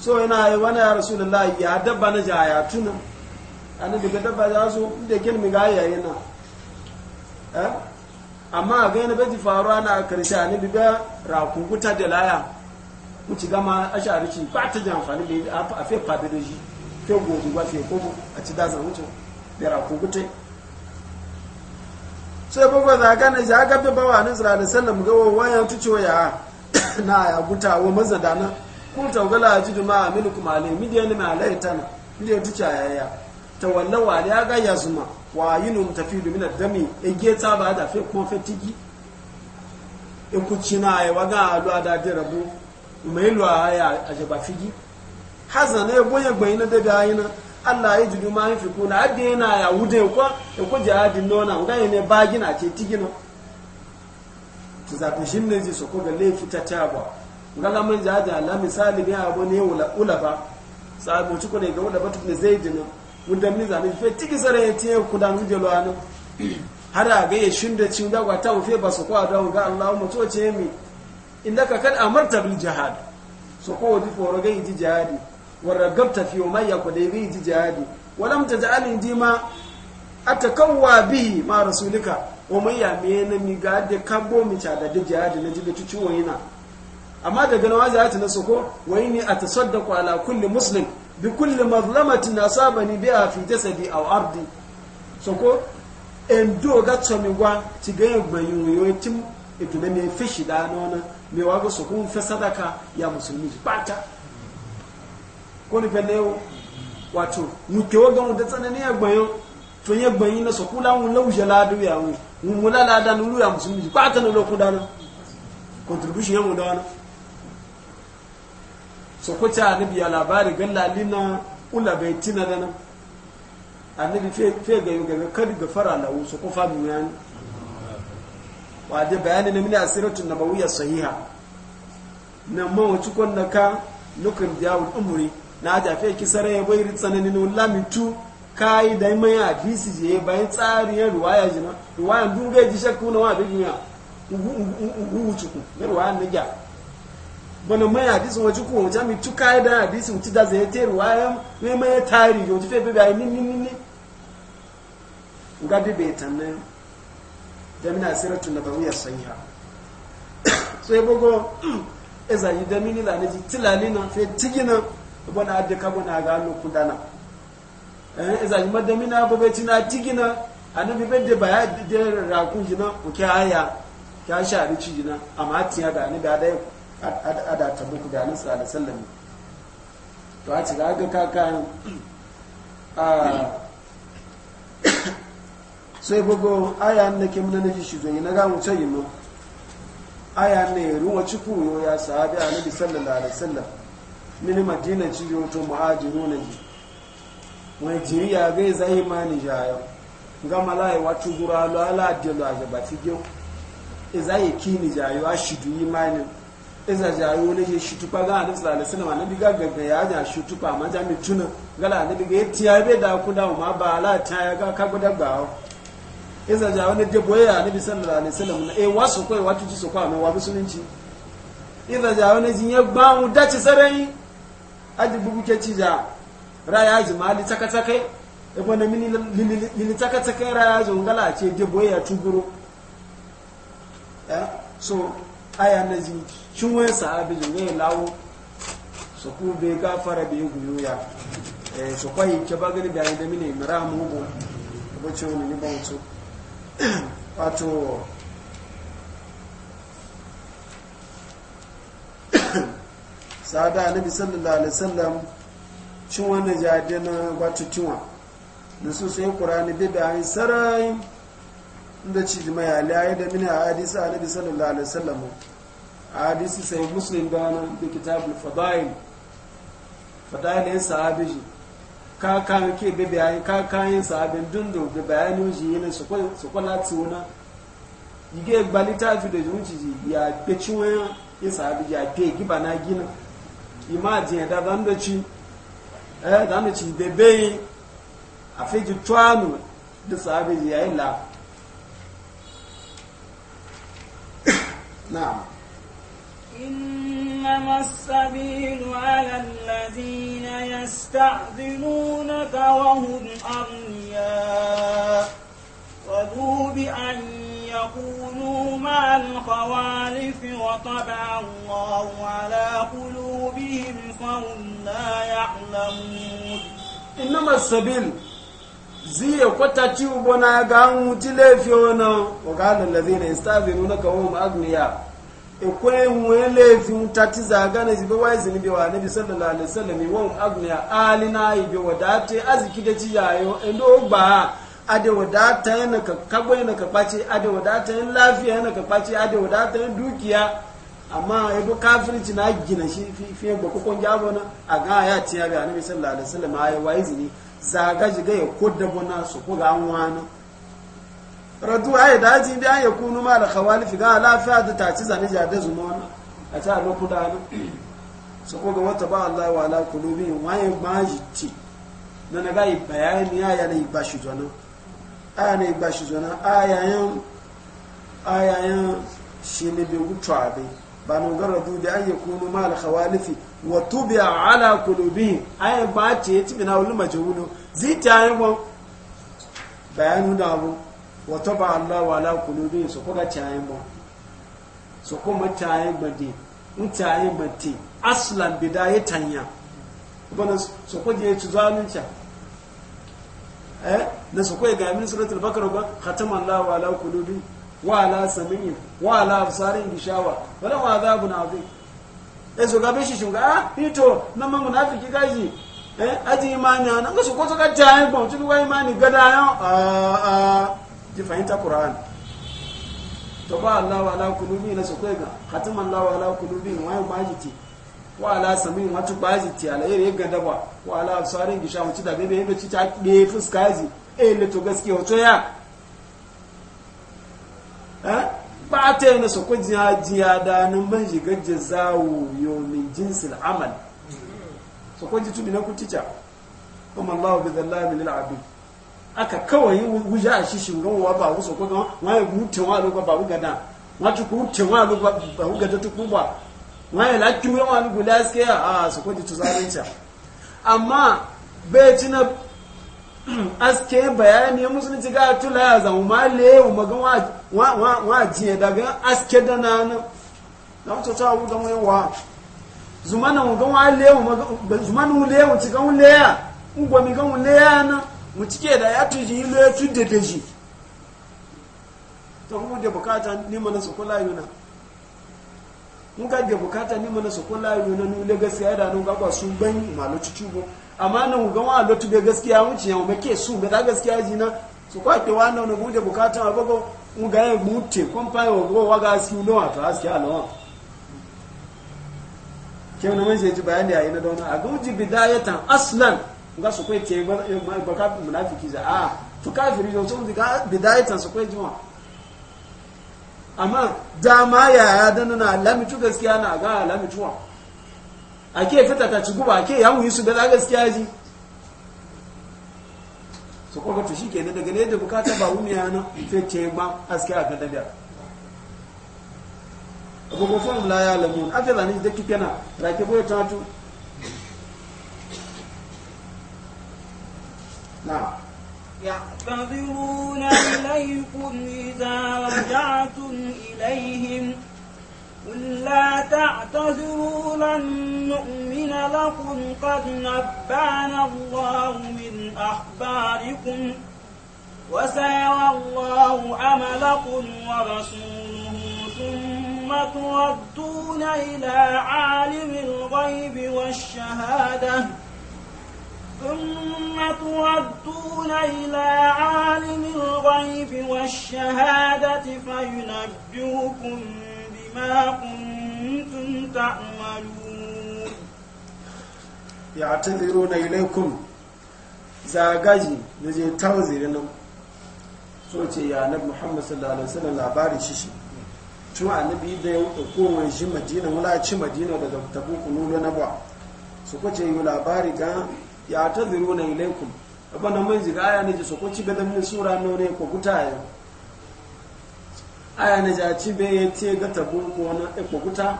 so yana yi wani ya la'ayi ya dabba na jaya tuna ana daga dabba ya zo da kin mi ga yayi na eh amma ga gani bai faru ana karshe ne biga rakunguta da laya mu ci gama ci ba ta jamfani da a fe fadi da shi ke goji ba fe ko a ci da zan wuce da ra ko sai a za ga na ja ga be bawa nan sallallahu alaihi wasallam ga waya tuciwa ya na ya guta wa mazadana kun taugala ji duma aminu kuma alai midiya ne mai alai tana midiya tuciya ya tawalla wa ya ga ya zuma wa yinum dami e ta da e ya hazana ya boye gbayi na daga ayi na Allah ya jidu ma fi kuna abin yana ya wude kwa ya ku jihadin nona ga ne ba gina ce tigina ta zaɓi shi ne ji soko ga laifi ta taba ga lamun jihadi ala misali ne abu ne wula ba sabu ci ne ga wula ba tun da zai dina mudan ni zaɓi fe tigi sare ya ce ku da mu jelo anu har a ga ya shinde cin da gwata mu fe ba su kwa da ga Allah mu to ce mi inda ka kan amarta bil jihad so ko di foro ga yi jihadi waragabta fi umayya ku dai bi jihadi walam taj'al dima atakawwa bihi ma rasulika umayya me ne mi ga da kabo mi ta da jihadi na jibe tu ciwo amma daga nawa za ta nasu ko wai ni atasaddaqu ala kulli muslim bi kulli mazlamatin asabani biha fi jasadi aw ardi so ko ga tsomi gwa ti ga yagbayin yo tim da me fishi da nona me wago so kun fa sadaka ya musulmi bata ko ni o wato nuke gan da tsanani ya gbanyo to ye gbanyi na so kula mun lawu jala ya wu mun mula la da nulu ya musulmi ba ta no ku contribution ya mu dana so ko ta annabi ya labari galla tina dana annabi fe fe ga yo ga kadi ga fara lawu so ko fa mu yani wa da bayani na min asiratun sahiha na mawacin kwanaka nukun diyawun umuri na tafe ki sarai ya bai tsananin lamitu kai da mai hadisi je bayan tsari ya ruwaya jina ruwaya dunga ji shakku na wa bigin ya ugu ku na ruwaya na gya bana mai a wa ci ku wajen mi tu kai da hadisi mutu da zai te ruwaya mai mai tari yo ji fe bebe ai ni ni ni ga bebe tan ne jamina siratu nabawiyya sahiha so ya bugo ezani da mini la na ji na fe tigina ibona adde kabona ga lu kudana eh iza yima na mina bobe tina tigina anabi bedde baya de ra ku jina ku kaya ka sha ri ci jina amma ya da ni da dai ada tabuku da e nan sallallahu alaihi wasallam to a ci ga ga kaka a sai bugo aya ne ke mun ne shi zo na ga mu ce no, aya ne ruwa ciku yo ya sahabi annabi sallallahu alaihi wasallam mini madina ci yi wato muhajiru na ji wani jiri ya gai zai mani jayo gama lai wato gura lo ala dilo a ti gyo iza e yi kini jayo a shidu yi ma mani iza e jayo ne ya shi tupa ga anabi sallallahu suna ma na ga gaga ya ja shi tupa ma ja mi tuna gala na anabi ya tiya bai da ku da ma ba ala ta ya ga ka guda ba iza e jayo ne de boya da sallallahu alaihi wasallam na e wasu koi wata ji su kwa no wa musulunci iza jayo ne jin ya ba mu dace sarai aji bugu ke da raya ji mali taka taka e bona mini lili taka taka raya zo ngala ce de boya tuguro eh so aya na ji cinwe sahabi zo ne lawo so ku be fara be guyu ya eh so kai ke bagani da da mini mu go ko ce wani ni ba wato sada annabi sallallahu alaihi wasallam cin wannan jade na wato cinwa da su sai qur'ani bi da ai sarai inda ci jima ya laye da mina hadisi annabi sallallahu alaihi wasallam hadisi sai muslim da nan da kitabul fadail fadailin sahabi ka kan ke bi bayan ka yin sahabin dundu da bayanin ji yana su ko lati wona yige gbalita fi da junci ji ya pe ciwo ya sahabi ya ke giba na gina imagine ya da zandoci eh zandoci da bai a fiji tuwanu da ya yi la na'am إنما السبيل على الذين يستعذلونك وهم أغنياء وذوب أن يكونوا مع الخوالف وطبع الله على قلوبهم فهم لا يعلمون إنما السبيل زي kwatati ubona ga wuti laifi وقال الذين يستاذنون كهم na istabiru na kawo ma'agniya ikwe nwe laifi tati zagana zibe wa izini bi wa nabi sallallahu alaihi wasallam won agniya alina ibe wadate aziki da ciyayo endo ba ada wadata yana ka kabo yana ka kwace ada wadata yana lafiya yana ka kwace ada wadata yana dukiya amma yabo kafirci na gina shi fiye ba kukon jabo na a ga ya ci ya ga annabi sallallahu alaihi wasallam ayi wa izini zaga jiga ya kodda bona su ko ga anwana wani radu ayi da ji bi an yakunu ma da khawalif ga lafiya da ta ci zane jada zuma wannan a ta lokuta ne su ko ga wata ba Allah wa ala qulubihim wa ma yajti na naga bayani ya yana ba shi jana aya ne ba shi zona ayayen ayayen shi ne bai wuce abin ba na gara dubi an yi kunu ma alkhawalifi wa a ala kulubihim aya ba ce ti bina wani majhulu zita yi ba bayanu da abu wa taba Allah wa ala kulubi su kuka cayin ba su kuma cayin ba de in cayin ba te aslan bidayatan ya bana so kuje ya ci zalunci da eh? su kai ga min suratul bakara ba khatama Allahu ala kulubi wa ala sam'i wa ala absarin gishawa wala wa azabun azim eh so ga be shi shunga ah hito na mangu na fiki gaji eh aji imani ah, na ga su ko to ga jahi ba tu ga imani ga da yo a ah, a ah, ji fahimta qur'an to ba Allahu ala kulubi na su kai ga khatama Allahu ala kulubi wa ma jiti wa ala samin wata bazi ti ala yare ga daba wa ala absarin gisha mutu da bebe yadda ci ta ɗe fuska ji eh ne to gaskiya wato ya ha ba ta yana so ko jiya jiya da nan ban shiga jazawo yau min jinsin amal so ko ji tubi na ku cica kuma Allah bi zallabi lil abid aka kawai wuja a shi shingon wa ba ku so ko ga wani mutum wa lokacin ba ku gada wata ku mutum wa lokwa ba ku gada tukun ba wani lakin yawa wani gula suke a su kwanci tuzarinca amma bai ci na aske bayani musulunci ga tula ya zama ma wa magan ya daga aske da nanan na wata ta abu gama yawa zumanan mu gan wa lewu zumanan lewu ci gan leya ugwa mi gan leya na mu cike da ya tuji ilo ya tudde da ji ta kuma da bukata neman su kula yuna nga ga bukata ni mana su kula yi na nule gaskiya da nun gagwa su ban malo cucu amma nan ga wa lotu da gaskiya wuce yau make su da gaskiya ji na su kwa ke wa nan guje bukata a bago mu ga yi mute kun fa yau go wa ga su no to aski alawa ke na mun je ji bayani ayi na da wannan a guji bidayatan aslan ga su kai te ba ka munafiki za a ah, to kafiri yau sun ga bidayatan su kai jima amma dama ya dana na lamitu gaskiya na ga lamituwa ake fita ta ci guba ake yawon su da gaskiya ji su kwakwa to shi ke daga ne da bukata ba wuni yana ce ma aske a kada biya abubuwan fom la ya lamun fi zane da kike na rake boye tatu na يعتذرون إليكم إذا رجعتم إليهم قل لا تعتذروا لن نؤمن لكم قد نبانا الله من أخباركم وسيرى الله عملكم ورسوله ثم تردون إلى عالم الغيب والشهادة ثم تردون إلى عالم الغيب والشهادة فينبئكم بما كنتم تعملون يعتذرون إليكم zagaji da je tawziri nan so ce ya annabi Muhammad sallallahu alaihi wasallam labarin shi shi tun annabi da ya kowai shi Madina wala ci Madina daga Tabuk nuno na ba su kwace yi labari ga ya ta zuru na ilaikum abin da mun jiga aya ne ji so ci be da min sura no ne ko guta ya aya ne ja ci be ce ga tabu ko na e ko guta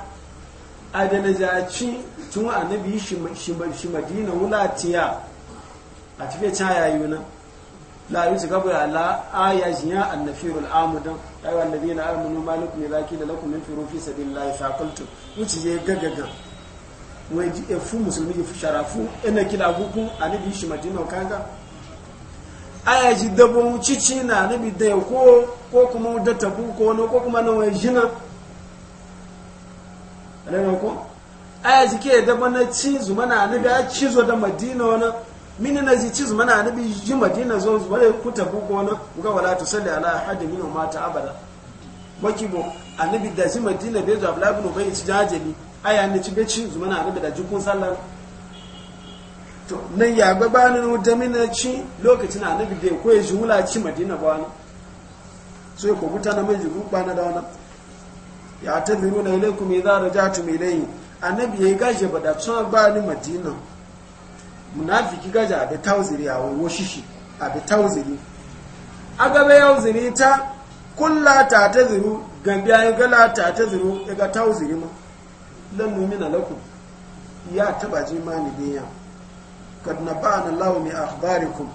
aya ne ja ci tun annabi shi shi shi madina wulatiya a ci be ta yayu na la yusgabu ala ayajiya annafirul amudan ayyuhal ladina amanu malikum idza qila lakum infiru fi sabilillahi faqultum wuce je gagaga wai ji efu eh, musulmi ji sharafu ina kila gukun anabi shi madina kanga aya ji dabo cici na anabi da ko ko kuma da tabu ko no ko kuma na wai jina anabi ko aya ji ke dabo na ci zuma na anabi a cizo da madina wana min na ji ci zuma na anabi ji madina zo zuwa ku tabu ko no ga wala to sali ala hajji hadin min mata abada wakibo anabi da ji madina bai zo abla ibn ubay ci jajali aya ne ci ci zuma na da jikun sallar to nan ya ga banin damina ci lokacin nabi da koya ya wula ci madina ba wani so ya buta na mai jiru bana na da wani ya ta biru na ilaikum idza raja'tum a nabi ya gaje ba da tun ba ni madina munafiki gaje a bi tawziri a wo shishi a da a gaba be yawziri ta kullata ta zuru gambiya ga la ta ta ya ga tawziri ma lan numina lakum ya taba ji mani biya kad na Allahu a akhbarikum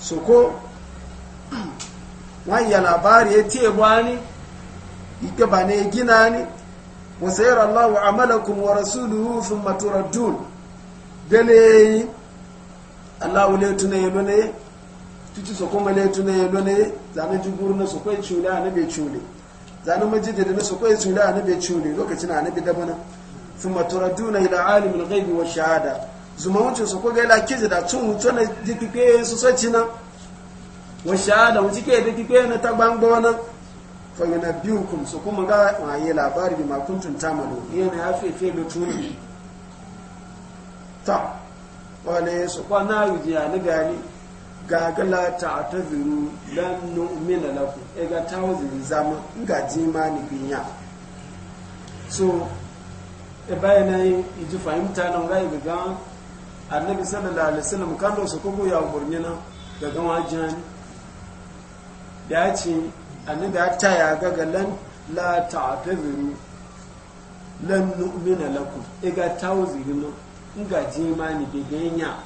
so ko wani ya labari ya ce wani ike ba ne gina ni wa sayar Allahu amalakum wa rasuluhu thumma turaddun dele Allahu le tunaye lo ne titi so kuma le tunaye lo ne zane juguru na so kai na bai cule. zanen majidda na su kai juna annabi ciwo lokacin annabi da bana matura duna ila alimin gaibi wa shahada zuma wuce su ko la kije da tun to na jikike su sace na wa shahada wuce ke dikike na ta gbangba na biyu kun su kuma ga waye labari bi ma kuntum tamalu yana ya fefe da tuni ta wane su kwa na yuji annabi ali gagala ta ta zuru lan la ku e ga ta wuzi zama ga jima ni binya so e yi iji fahimta na ga yi ga annabi sallallahu alaihi wasallam kallo su kogo ya burmina ga ga wajen da ya ce annabi ya ta ya ga lan la ta ta zuru lan nu'mina lakum e ga ta wuzin ga ma ni binya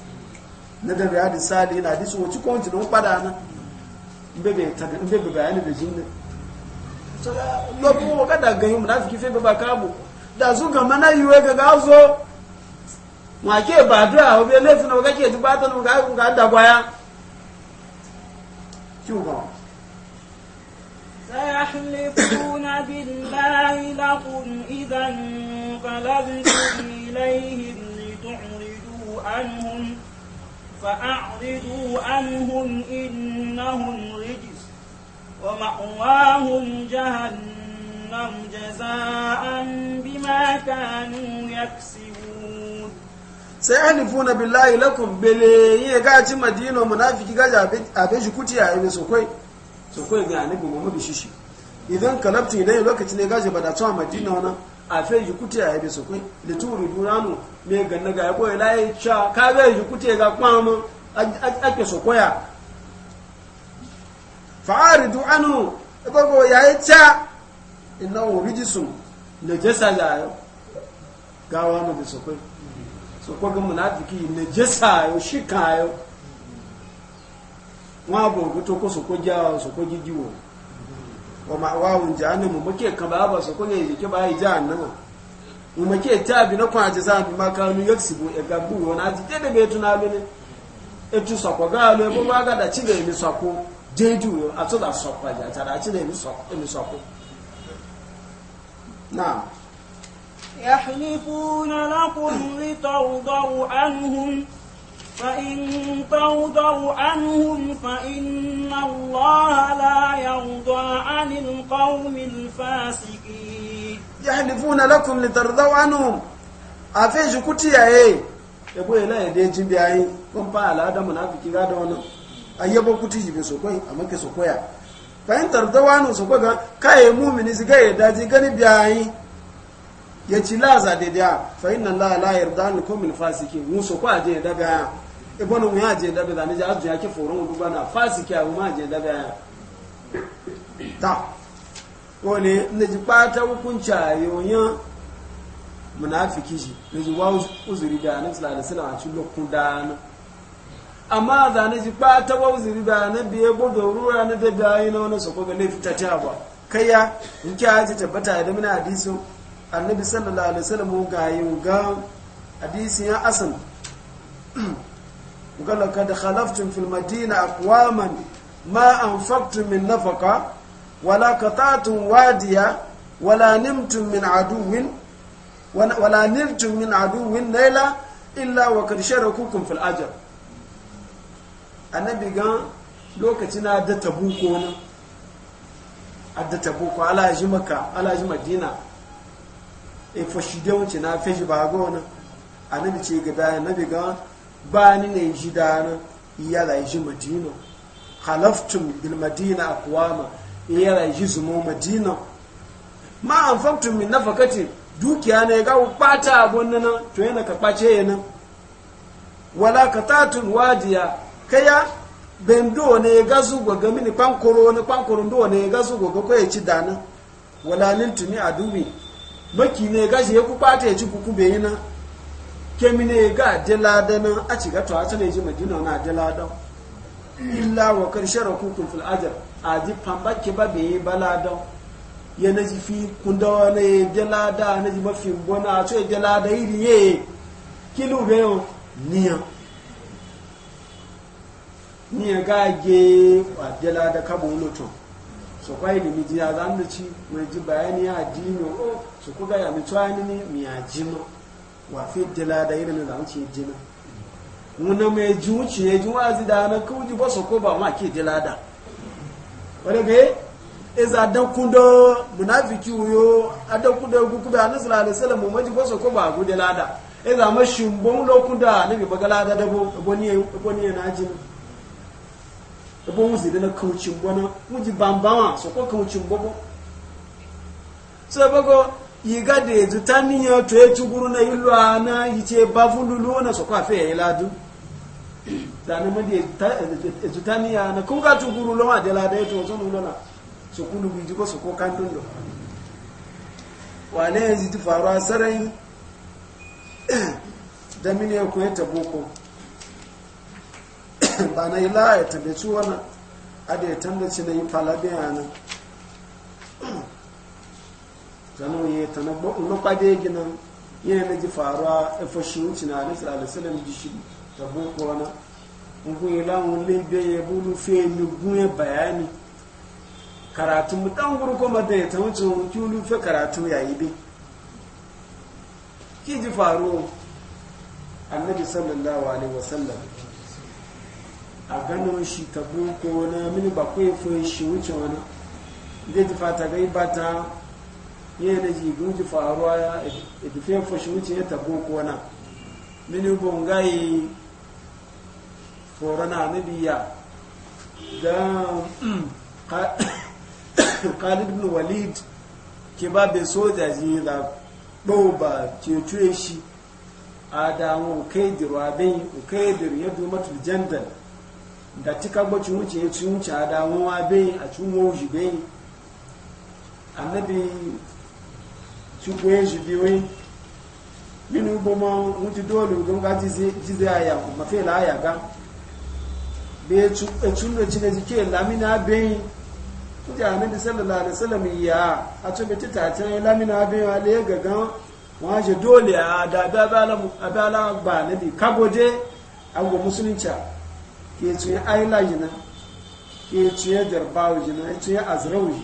na da bayani sali na disu wacce ko wancan don fada na bebe bayani da jini lobin waka da gani munafiki fe ba kabu da su ga mana yiwe ga gazo ma ke ba dura obe lefi na wakake ji ba ta ga ga da gwaya kiwo سيحلفون بالله لكم إذا انقلبتم إليهم لتعرضوا عنهم فأعرضوا عنهم إنهم رجس ومأواهم جهنم جزاء بما كانوا يكسبون سيحلفون بالله لكم بلي يغاتي مدينة منافق غاجا أبيش كتيا إبي سوكوي سوكوي غاني بمما بشيشي idan kalabtu idan lokacin ne gaje ba da tsawa madina wannan a fe yi kute a yabe su kun da turi duranu me ganna ga yabo la yi cha ka ga yi kute ga kwamu ake su koya fa'aridu anu gogo e ya yi cha inna wa rijisun na jesa da yo gawa mu da su kun su ko ga munafiki ne jesa yo shika yo wa bo to ko su ko ja su ko jijiwo wa ma'awawun jahannamu muke ka ba ba su kuma yake ba yi jahannama mu muke ta bi na kwaje za bi makanu bu e gabu wona ji dede be tunalo ne e tu sako ga lo e bo ba ga da chi de mi sako jeju yo ato da sako ja da chi de mi sako mi na فإن ترضوا عنهم فإن الله لا يرضى عن القوم الفاسقين يحلفون لكم لترضوا عنهم أفيش كتيا إيه yabo yana ya dai jin biyayi kun fa al'ada munafiki ga da wannan ayyabo kuti be so koi amma ke so koya fahimtar da wani su kwaga kaye mumini su gaya daji gani biyayi ya ci laza da fahimtar la la yarda ni je da biya ibonu ya yaje dabe da nije azu yake foron na bana fasiki a mu yaje dabe ya ta wani ne ji pata hukunci yoyin shi ne ji wa uzuri da annabi sallallahu alaihi wasallam a cikin amma da ne ji pata wa uzuri da annabi na da na wani sako ga laifi ta kayya in tabbata ga yi ga قال لقد خلفتم في المدينة أقواما ما أنفقتم من نفقة ولا قطعتم واديا ولا نمتم من عدو ولا نلتم من عدو ليلة إلا وقد شاركوكم في الأجر النبي قال لوكتنا دا تبوكونا أدى تبوكو على جمكة على جمدينة إفشدون تنا فيجي باغونا النبي تيجي دا النبي قال ba ni ne shi dana iya da shi madina halaftum bil madina aqwama iya da shi zumo madina ma anfaqtum min fakati, dukiya ne ga bata abun nan to yana ka kpace yana wala katatun wadiya kaya bendo ne ga su goga mini kwankoro ne kwankoro ndo ne ga su goga ko ya ci dana wala lintumi adubi maki ne ga shi ya ku bata ya ci kuku bayina kemine ga delada nan a ci gato a tsanai ji madina na delada illa wa kan shara kukun fil ajar a ji famba ke ba bai balada ya na ji fi kunda na ya delada na ji mafi bona a tsoye delada iri ye kilu bayan niyan niyan ge wa delada kabo lotun so kwa ilimi ji ya ci mai ji bayani ya ji o su kuga ya mutuwa ni ne mai ya ji ma. wa fi jila da irin da an ce jina wani mai ji wuce ya ji wazi da na kawuji ba su ko ba ma ke jila da wani ga iza e dan kundo munafiki wuyo a dan kundo gugu da anu sallallahu alaihi wasallam mu maji ba su ko ba gude lada iza ma shimbon lokunda nabi bagala da dabo e boni e boni na jina ebe wuzi dana kaucin gwana wuji bambama so ko kaucin gbogbo so ebe go yiga da ya zuta to ya ci guru na ilu ana yi ce ba fululu na su kwafe ya yi ladu zane ma da ya zuta niyan na kun ka ci guru de la lada ya to zonu lona su kulu biji ba su ko kantun da wane ya ziti faruwa sarai da mini ko kuwa ta boko ba na ila ya tabbaci wani a da ne tambaci na yi falabiya nan zanu yi tana na kwade gina yana ne ji faruwa efo shi wuce na alaihi alaihi ji ta boko kwana ngun yi lawon lebe ya bulu fe mi gunye bayani karatu mu dan guru kuma da ya ta wuce kulu fe karatu ya yi bi ki ji faruwa annabi sallallahu alaihi wasallam a ganin shi ta tabbun kwana mini bakwai fe shi wuce wani zai ji fata gai bata yana ji gunji faruwa ya edufe fashi wuce ya tabo kona mini bongayi forana na biya da mm, khalid ibn walid ke ba bai soja ji da ɗoba ke tuye shi a damu ukaidir abin ukaidir ya duma tuljandar da cika gbacin wuce ya ci wuce a damu abin a cin wuce bai annabi ṣùgbọ́n èṣù bí wí nínú gbọmọ wọn ti dóòlù gbọmọgá jíze àyà mọ̀fẹ́lá àyàgá bí ẹ̀tún lè jíne jí kí ìlàmínà bẹ́yìn tó jẹ́ àmì sẹ́lẹ̀lá rẹ̀ sẹ́lẹ̀mì ìyá àtúnbẹ̀ títà tí ìlàmínà a alẹ́ gẹ̀gán wọ́n ṣe dóòlù àdàbí abẹ́lágbà níbi kágódé agbo musulunca ke tun aila jina ke tun darbawa jina ke tun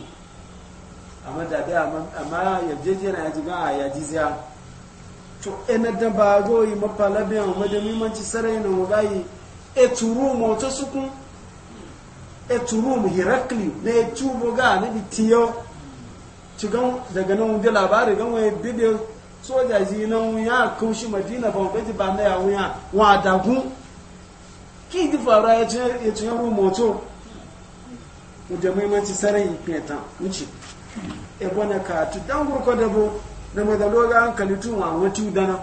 amma da dai amma yarjejena ya jiga a yaji ziya to ena da ba goyi mafala biyan wadda mimanci sarai na mugayi e turu moto sukun e turu mu hirakli ne e tubo ga na bitiyo ci gan daga nan ga labari gan wani bidiyo soja ji nan ya kaushi madina ba gaji ba na yawon ya wa dagu ki ji faru ya ci yan rumoto mu da muhimmanci sarai ikin ta wuce e bona ka tu dan gurko da na da mai da an kalitu wa wati udana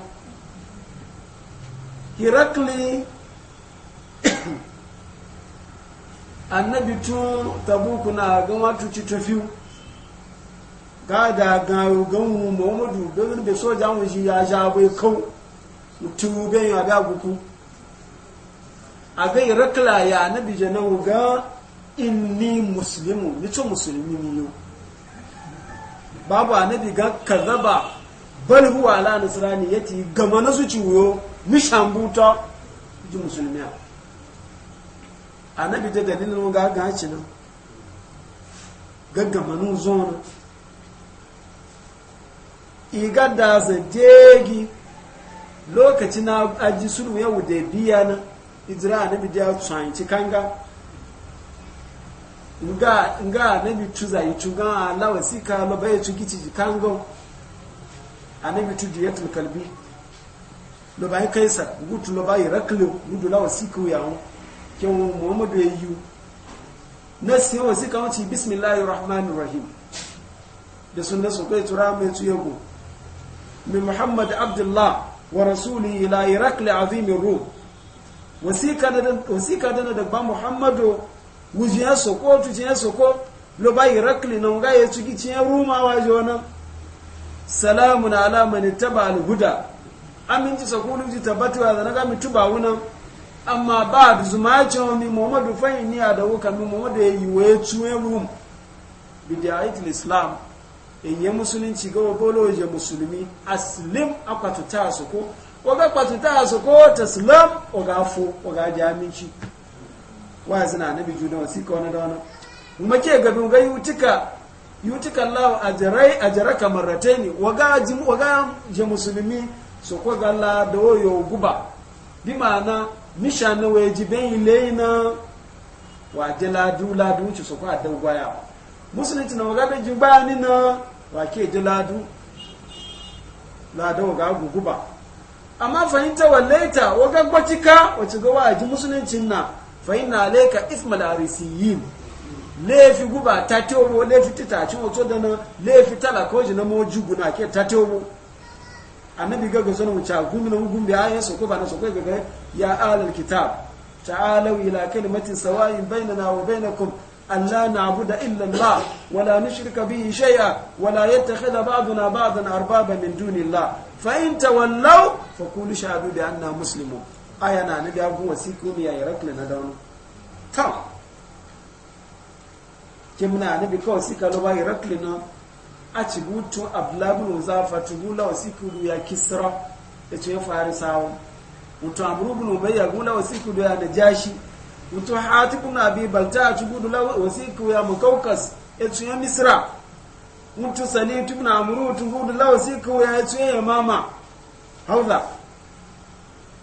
hirakli annabi tun tabuku na ga watu ci tafiu ga da ga ganwu muhammadu soja mu ya sha bai e kau mutum bai ya ga guku a ga hirakla ya annabi janan ga inni muslimu ni to musulmi ne yau babu annabi ga kazaba bal huwa ala nasrani yati gama na su ciwo shambuta ji musulmi annabi da dalilin ga ga ci nan gaggama nun zona iga da degi lokaci na aji sulu yau da biya na ijira annabi da ya tsanci kanga nga nga anabi tuza yichuga ala wasika lo baye tukichi jikango anabi tudi yetu kalbi lo baye kaisar gutu lo baye raklo gudu la wasika yawo ke muhammadu yayu nasi wasika wanti bismillahir rahmanir rahim da sunna su kai tura mai tuyago min muhammad abdullah wa rasulihi ila irakli azimir rum wasika da wasika da da ba muhammadu wujiya soko tujiya soko lo bayi rakli na nga ya tuki ciya ruma wa jona salamun ala man taba al huda amin ji soko lu ji tabatu wa zanaga mi wuna amma ba da zuma ce mi muhammadu fayin ni da wuka mi muhammadu yi waye tuwe rum bidiyaitul islam in e musulunci ga wabolo ya musulmi aslim akwatuta soko waga kwatuta soko taslam oga fo oga jaminci waya suna nabi juna ka wani da wani kuma ke gabi ga yutika yutika Allah ajrai ajraka marrataini waga jim waga je musulmi so ko ga Allah da oyo guba bi ma'ana mishana waye ben ilaina wa jala ladu du ci so ko adan gwaya musulunci na waga da jiba ni na wa ke jala du ladu da waga guguba amma fahimta wallaita waga gbatika wace ga wa ji musulunci na fa'in na laika ismal arisiyin laifi guba ta teobo laifi titaci wato da na laifi talakoji na mojugu na ke ta teobo annabi gaga suna wuce gumi na gumi da ayan soko ba na soko gaga ya alal kitab ta'alau ila kalimatin sawa'in bainana wa bainakum alla na'budu illa Allah wa la nushrika bihi shay'a wa la yattakhidha ba'duna ba'dan arbaba min duni la. fa Wallau, fa qulu shahadu bi anna muslimun aya na nabi agun wasiku ya yi rakle na don ta ke muna nabi kawai sika lo yi rakle na a cibutu ablabu zafa tugula wasiku ya kisra da ce sawo mutu bai ya gula wasiku da ya da jashi mutu hatiku na bi balta a cibutu wasiku ya mukaukas ya tuya misra mutu salitu na amuru tugudu la wasiku ya tuya mama hauza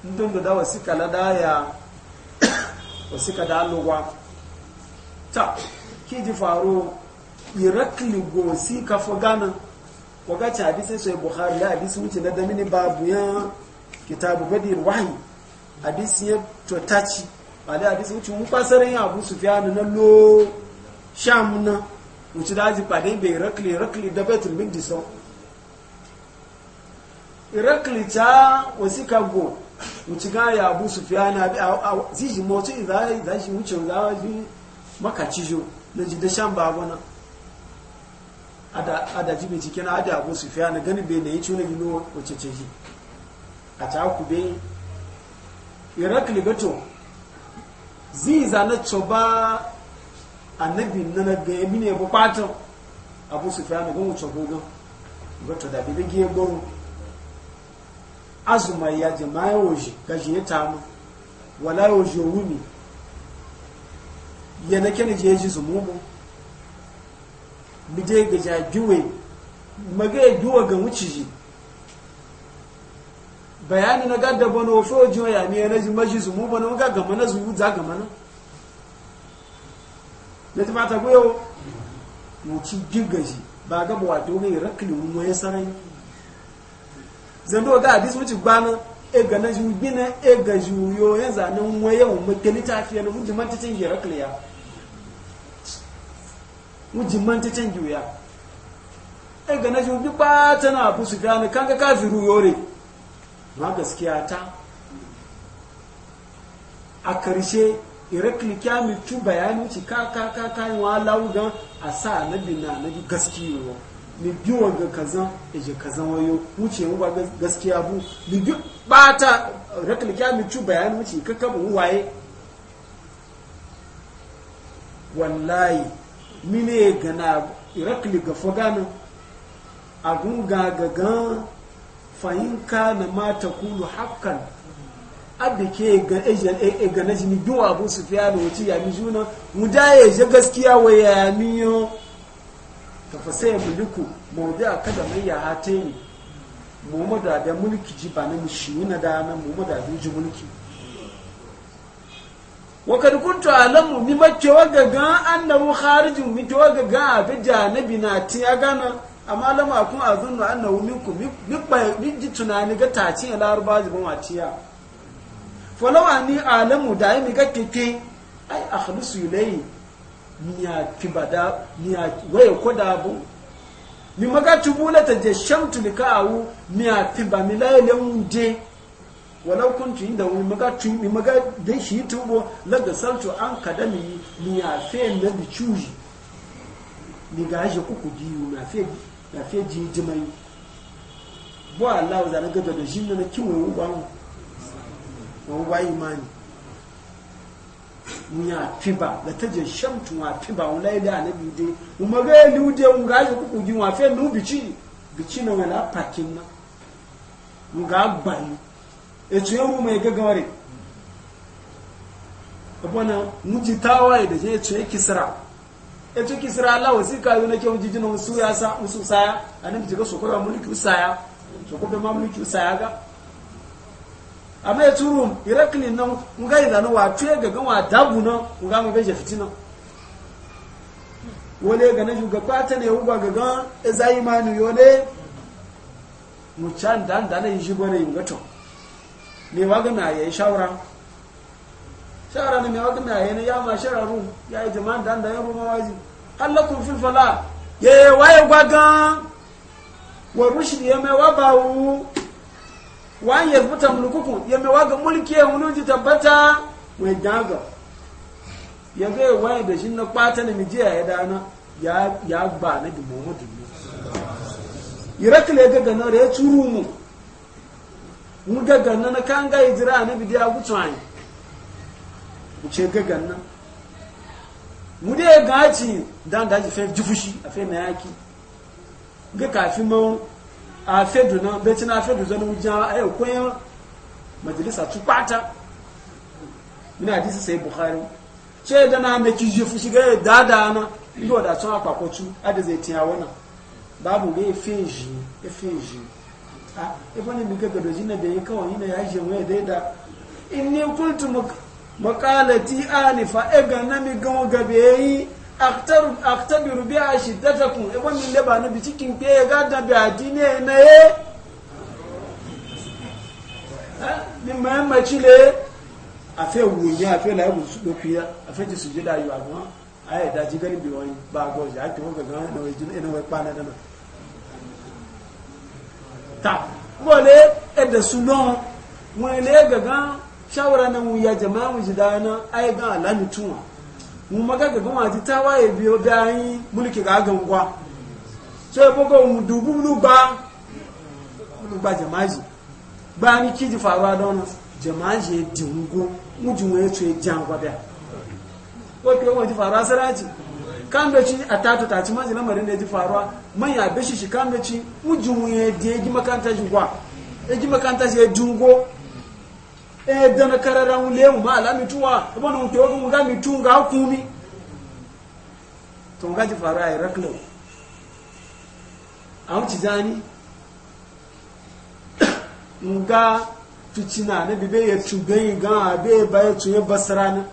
ndun da wasika la daya wasika da alugwa ta ki ji faru irakli go ka fo gana waga ta hadisi sai bukhari la hadisi wuce na da mini babu ya kitabu badir wahyi hadisi ya to tachi ale hadisi wuce mun kwasarin abu sufyan na lo sham na wuce da ji pade be irakli irakli da betul min diso irakli ta wasika go wuce ga ya abu su fiya na zizi motu za shi wuce za shi makaci jo na ji da shan babu na da jibin cikin a da abu su fiya na gani bai na yi cuna gino wace ce shi a ta ku bai irak ligato ziza na coba annabi na na ga yabi ne bukatun abu su fiya na gani wuce gogon gato da bi da gye azuma ya jama'a waje gashi ya mu wala waje wumi, ya na kene je ji zumu mu bi je ja juwe ga ya juwa ga wuciji bayani na gadda bana wasu wajen ya ne na ji maji su mumu na ga gama na zuwu za gama na na ta mata goyo wuci gigaji ba gaba wato mai mu ya sarai zando ga hadis wuce gbana e ga na ju gina e ga ju yo e ya zanen waye mu tafiya na mujiman ta cin herakliya mujiman ta cin juya e ga na ju bi ba ta na abu su gane kan ka kafiru yore ma gaskiya ta a karshe irakli kyamitu bayani ci ka ka ka kan wa lawu gan a sa na bi na na gaskiya mi biyu wanga kazan eje kazan wayo wuce mu ba gaskiya bu mi biyu bata rakal kya mi cu bayan wuce kakka waye wallahi mine gana irakli ga ga gan gagagan fahimka na mata kulu hakan e, e abu ke gane jini biyu abu su fiya da wuce ya juna mu da ya je gaskiya wa ya miyo Tafasai fasaya mulku mawdi a kada mai ya hata ne. mu da mulki ji ba na shi wuna da na mu da ji mulki wa kad kuntu alamu mi makke wa gaga annahu kharijun mi to gaga abi janabi na ti ya gana amma lama kun azunnu annahu minkum mi ji tunani ga tace ya laruba ji ban Falawa ni a alamu da mi ga kike ai akhlusu ilayhi niya kibada niya waye koda bu mi maga tubula ta je shamtu ni kaawu niya tiba mi la ile unde wala kuntu inda mi maga tu mi maga de shi tubo laga saltu an kadami niya fe na bi chuji ni ga je ku kudi na fe na fe ji jimai bo Allah za na gado da jinna na kiwo wa wa imani munya fiba la ta je tu wa fiba wa lai da na bide mu maga lu de mu ga ji ku gi wa fe nu bichi no na wala pakin na mu ga gban e ce mu mai gagaware abona mu ji tawaye da je ce kisra e ce kisra Allah wasika yo nake mu ji jinin su ya sa sa ya annabi ji ga sokora mulki usaya sokora ma mulki k'usaya ga amma ya turu irakli nan nga yi zanu wa tuye ga gan wa dabu nan nga mu beje fitina wole ga na juga kwata ne uba ga gan ezai manu yole mu can dan dan yi shi yin gato me wa ga na yayi shawara shawara ne me wa ga na ne ya ma shararu ya yi jama'an dan dan yaro mawaji halakum fil fala ye waye gwagan wa rushdi ya me wa bawu wa yarbuta mulkukum yame waga mulki ya muluji tabbata mai daga ya ga wani da shi na kwata na mijiya ya dana ya gba ba na bi Muhammadu irakle ga ganar ya turu mu mu ga ganna na kan ga hijira na bi da gutsu an mu ce ga ganna mu da gaci dan da ji fe jufushi a fe na yaki ga kafin mu a fedu na beti na fedu zanu wujan ayo e koyan majalisa tukpata mina hadisi sai bukhari ce da na me kije fu shiga dada na ndo da tun apakotu ade zai tiya wana babu ga efeji efeji a ifo ne biga gado jina da yaka wani na y'a yaje mu da da inni kuntu makalati anifa ega na mi ga gawo gabe yi aktabiru bi a shiddatakum e wani leba na bi cikin ke ya gada bi adine na ye ni mahimma chile a fe wunye a fe la yabu su doku ya a fe ti su jida yi agbọn a yi daji gani bi wani ba gozi a ti wọn gangan na wai jina wai kpana dana ta wọle ẹdẹ sunan wọn ilẹ gangan shawara na wuya jama'a wujidana a yi gan alamitunwa mu magaga goma tawaye biyo bayan mulki ga gangwa so ya buga mu dubu mu ba mu ba ni kiji faruwa don jama'i ya dingo mu ji mu ya ce jangwa ko ke mu faruwa saraji kan da ci a tatu ta ci maji lamarin da ya ji faruwa man ya bishi shi kan da ci mu ji mu ya ji makanta ji gwa ya ji makanta ya dingo Eh, dana karara wule mu la mituwa bana mu togo mu ga mitunga hukumi to ga ji faru ai raklo an ci zani mu ga tucina ne bibe ya tugai ga be ba ya tuye basrana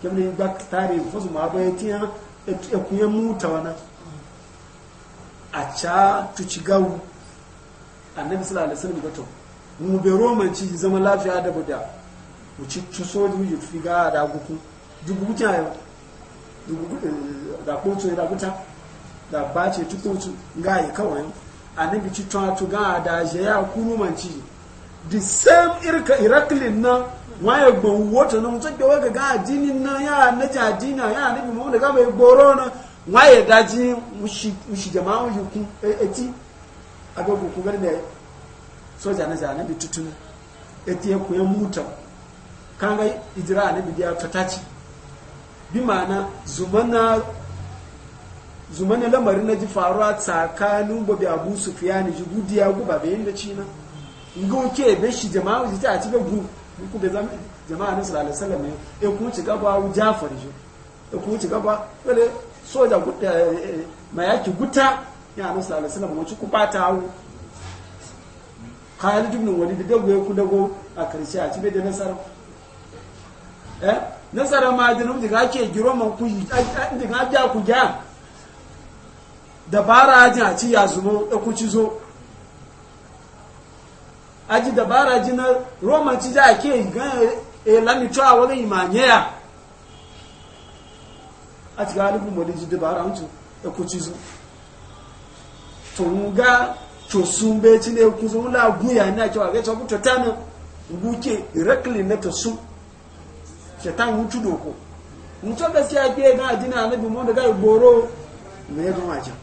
kemne ga tare fuzu ma ba ya tiya e kuye muta wana a ca tuci gawu annabi sallallahu alaihi wasallam ga mu bai roman ci zama lafiya da buda mu ci tuso da mu yi tufi ga da guku dubu eh, guta yo dubu da kutu da ba ce bace kotu ga ya kawai annabi ci tu tu ga da je ya kuru man ci the same irka iraklin na waye gbon wata na mutum ke waga ga jinin na ya na jajina ya na bi da e, e ga bai goro na waye daji mushi jama'a yukun eti agogo ku gani da soja na zane bi tutun etiye ku ya muta kanga ijira ne bi ya tataci bi mana zumana zumana lamarin na ji faruwa tsakanin babi abu ni ji gudiya guba bayan da na ga oke be shi jama'a ji ta ci ga gu ku da zama jama'a na sallallahu alaihi wasallam e ku ci gaba wa jafar ji e ku ci gaba wale soja guda eh, eh, mayaki guta ya na sallallahu alaihi wasallam mu ci ku bata hu. khalid ibn walid da goye ku dago a karshe a cibe da nasara eh nasara ma da nan diga ke giro man ku yi daga da ku ga dabara ji a ci ya zumo da ku ci zo aji dabara ji na roman ci da ke ga e, e lami to a wani ya a ci galibin ji dabara an ci da ku ci zo to ga to sun bai ci ne wula guya na cewa ga cewa ta nan guke irakli na ta su shaitan hutu doko mutum gaskiya ke na adina annabi mu da gai goro me ya gama can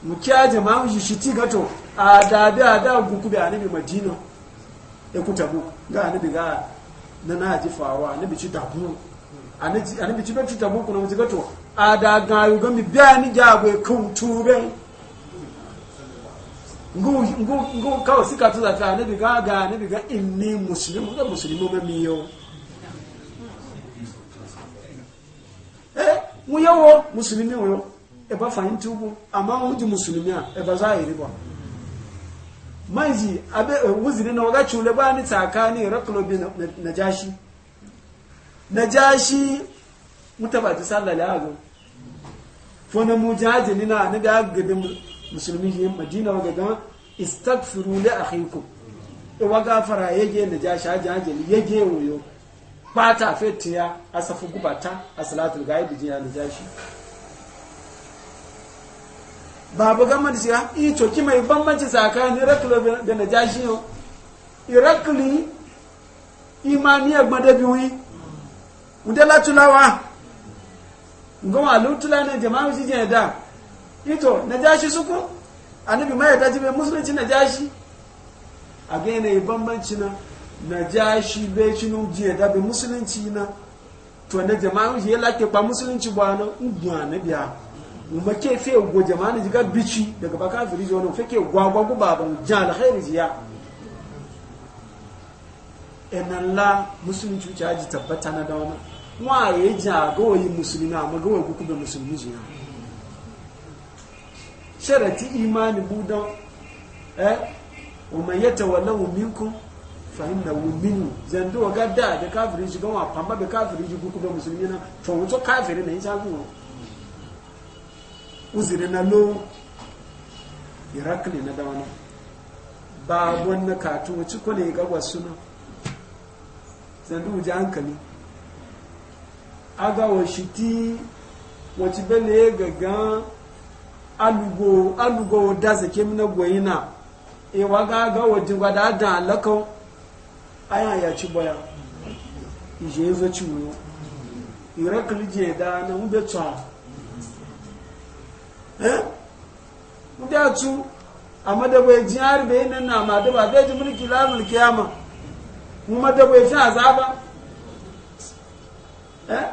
mu kiya jama'u shi shiti gato a dabi a da guku bi annabi madina ya kuta bu ga annabi ga na na ji faruwa annabi ci tabu annabi ci bai ci tabu kuna mu gato a da gayu gami biya ni jago ya kan turai kawo suka tuza ta na biga ga na biga inni musulmi da musulmi ma miyo eh mu yawo musulmi wo e ba fahimta bu amma mu ji musulmi a e ba za yi riba Manzi abe e, wuzini na waga chule ba ni tsakani raklo bi jashi najashi mutabati sallallahu alaihi wasallam fona mujahidin na na da gabe musulmi shi madina wa gaga istagfiru li akhikum e wa gafara yeje na ja sha ja je yeje wuyo pata fetiya asafu gubata asalatul ghaib jiya na shi babu gama da shiga ito ki mai bambanci tsakanin iraklu da na shi yau irakli imaniyar madabiwi mudala tulawa goma lutula ne jama'a shi da ito na jashi suku annabi ma ya daji musulunci na jashi a ga yanayi eh, bambanci na na jashi bai shi nun jiya da bai musulunci na to na jama'an shi ya lake ba musulunci ba na ubuwa na biya umma ke fe go jama'an jiga bici daga baka firi jo no fake gwagwa guba ba ban ja alkhairi jiya enan la musulunci ta ji tabbata na dawana wa ya ja ga wayi musulmi amma gawayi wayi ku be musulmi jiya sharati imani budan eh wa man yatawallahu minkum fa innahu minhu zando ga da da kafiri shi gawa famba be kafiri shi kuku be musulmi na to wato kafiri ne ya ku uzire na lo irakli na dawana ba wanda katu wace kone ga wasu na zando wuce hankali aga wa shi ti wace bele gagan alugo alugo da zake mina goyina e wa ga wadi gwada da alakau aya ya ci boya ije zo ci wuyo ire kilije da na mbe tsa eh mbe atu amma da bai ji har bai nan na ma da ba zai ji mulki la mulki yama kuma da bai fi azaba eh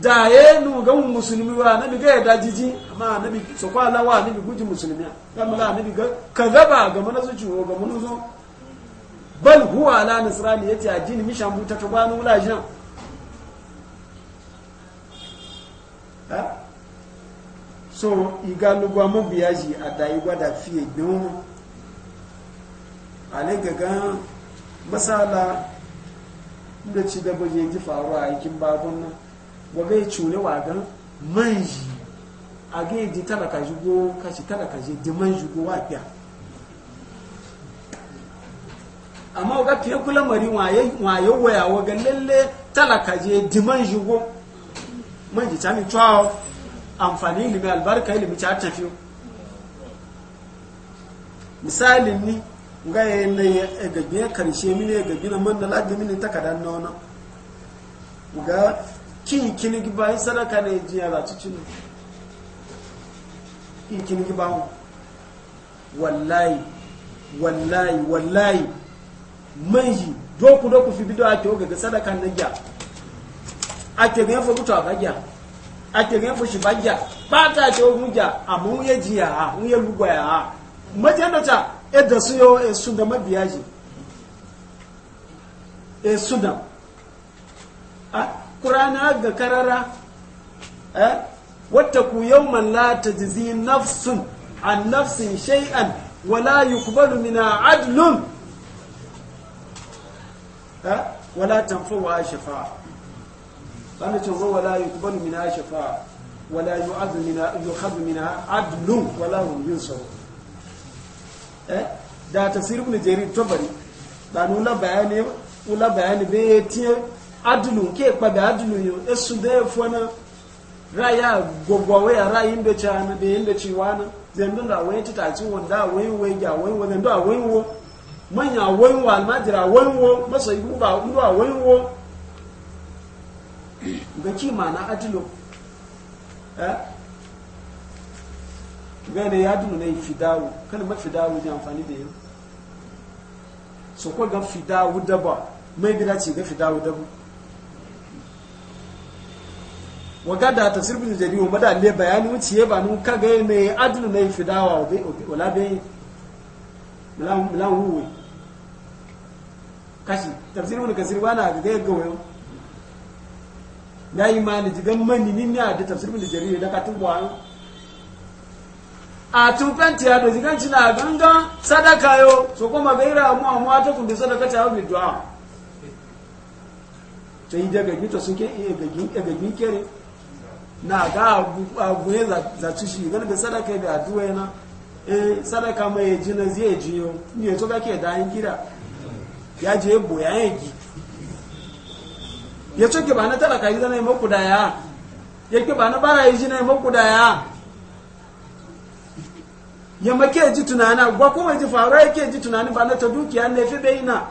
da ya nu ga musulmi wa nabi ga da jiji amma nabi so kwa lawa nabi guji musulmi kan mala nabi ga kazaba ga mana su ciwo ga mun zo bal huwa ala nasrani yace ajini mishan shambu ta tuba nu la jan ha so igalugo amu biyaji adai gwada fiye don ale gaga masala da ci da buje ji faruwa a yakin babun nan waga bai cure wa gan manji, a ga yi ji talaka jigo kashi talaka ji di manji go wa fiya amma ga fiye kula mari waye waya wa ga lalle talaka ji di manji go. Manji ta mi cewa amfani ilimi albarka ilimi ta tafi misalin ni nga ya yi na gaggiyar karshe mini ya gaggiyar man da lagimini takadar na wani ga kin kini gi bayan sadaka ne jiya za ci cinu kin kini gi bawo wallahi wallahi wallahi manji doku doku fi bido ake ogaga sadaka na gya ake ga yafa gutu a bagya ake ga yafa shi bagya ba ta ce ogun gya amma wuye jiya ha wuye lugwaya ha mace yadda ta yadda su yau esu da mabiya ji esu da kurana ga karara eh ku yawman la tajzi nafsun an nafsin shay'an wala yuqbalu mina adlun eh wala tanfu wa shafa'a kana cewa wala yuqbalu minha shafa'a wala yu'adhu minha yu'khadhu minha adlun wala hum yunsaru eh da tafsir ibn jarir tabari da nuna bayani ula bayani be tiyan adulu ke kpabe adulu yo esu da ya fi wani raya gwagwawe a raya inda ci ana da yadda ci wani zendun da wani tita ci wanda wani wani ya wani wani zendun a wani wo manya wani wo almajira wani wo masa yi guba wani a wani wo ga ki mana adulu eh ga ne ya adulu na yi fidawo kan ma fidawo ne amfani da yau so ko ga fidawo daba mai gida ce ga fidawo ba. waga da ta bin jari wa mada le bayani wuce ya banu ka ga ne adlu ne fidawa wala be lan huwe kashi tafsir bin kasir bana ga ga ga wayo na imani jigan mani ni ne da tafsir bin jari da ka tuwa a tun fenti ya da jigan cina gangan sadaka yo so kuma gaira mu a amma ta kun da sadaka ta bi du'a sai daga gito suke iya gagin kere na ga aguye za ci shi gani da sadaka da aduwa yana eh sadaka mai ji na zai ji yau ni ya ga ke da gida ya je boya ya gi ya ke ba na talaka gida na yi maku da ya ya ke ba na bara yi ji na yi maku da ya ya make ji tunani gwa kuma ji faruwa yake ji tunani ba na ta dukiya ne fi bai na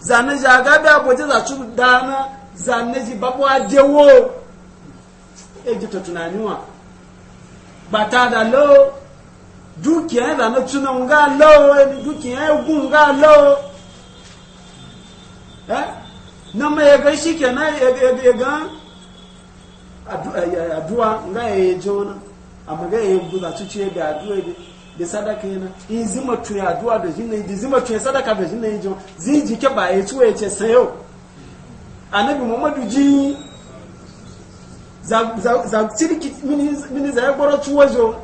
zanen jagabe abuja za su dana zanen babu babuwa ejita tunaniwa bata da lo dukiya da na tuna nga lo dukiya gun nga lo eh na e, e, e ma ya ga shi kenan ya ga addu'a nga ya jona amma ga ya guda tuce da addu'a da sadaka na! in zima tuya addu'a da na in zima tuya sadaka da jinna yin ziji zai jike ba ya tuwa ya ce sayo anabi muhammadu ji za ciriki mini za ya gwaro tuwajo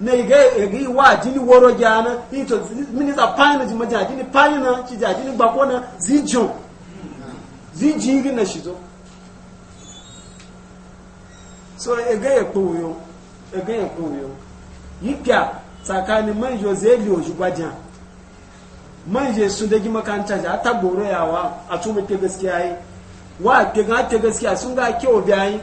na iga egi wa jini woro gyana ito mini za paina jima jajini paina ci jajini bakona zijon zijiri na shizo so ega ya kowuyo ega ya kowuyo yipya tsakanin manjo zai liyo jugwajen manje sun dagi makaranta ja ta goro yawa a tuma ke gaskiya yi wa ke ga ke gaskiya sun ga kewa biyayi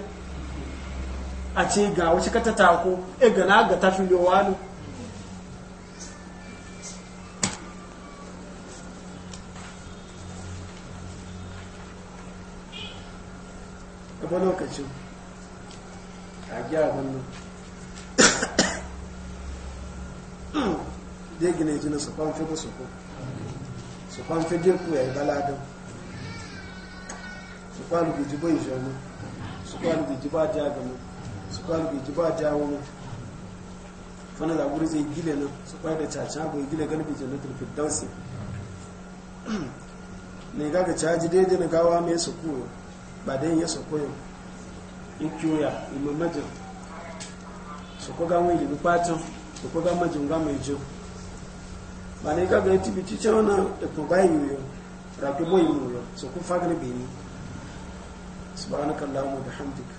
a ce ga wasu ka e ta tako e gana ga tafi yawa ne gaba lokacin a gya wannan dai gina jini su kwanfe ba su ko su kwanfe dinku ya yi baladan su kwalu guji shanu su kwalu guji ba su kwa albi ji ba jawo fana da guri zai gile nan su kwa da caca bai gile galibi jannatul firdausi ne ga ga caji daidai na gawa mai su kuwa ba dan ya su koyo in kiyoya imam majin su ko gawon yi patin su ko ga majin yi mai jo ba ne ga ga yi tibi cice wani da kuma bayan yoyo rafi boyi yoyo su ko fagar mu da bihamdika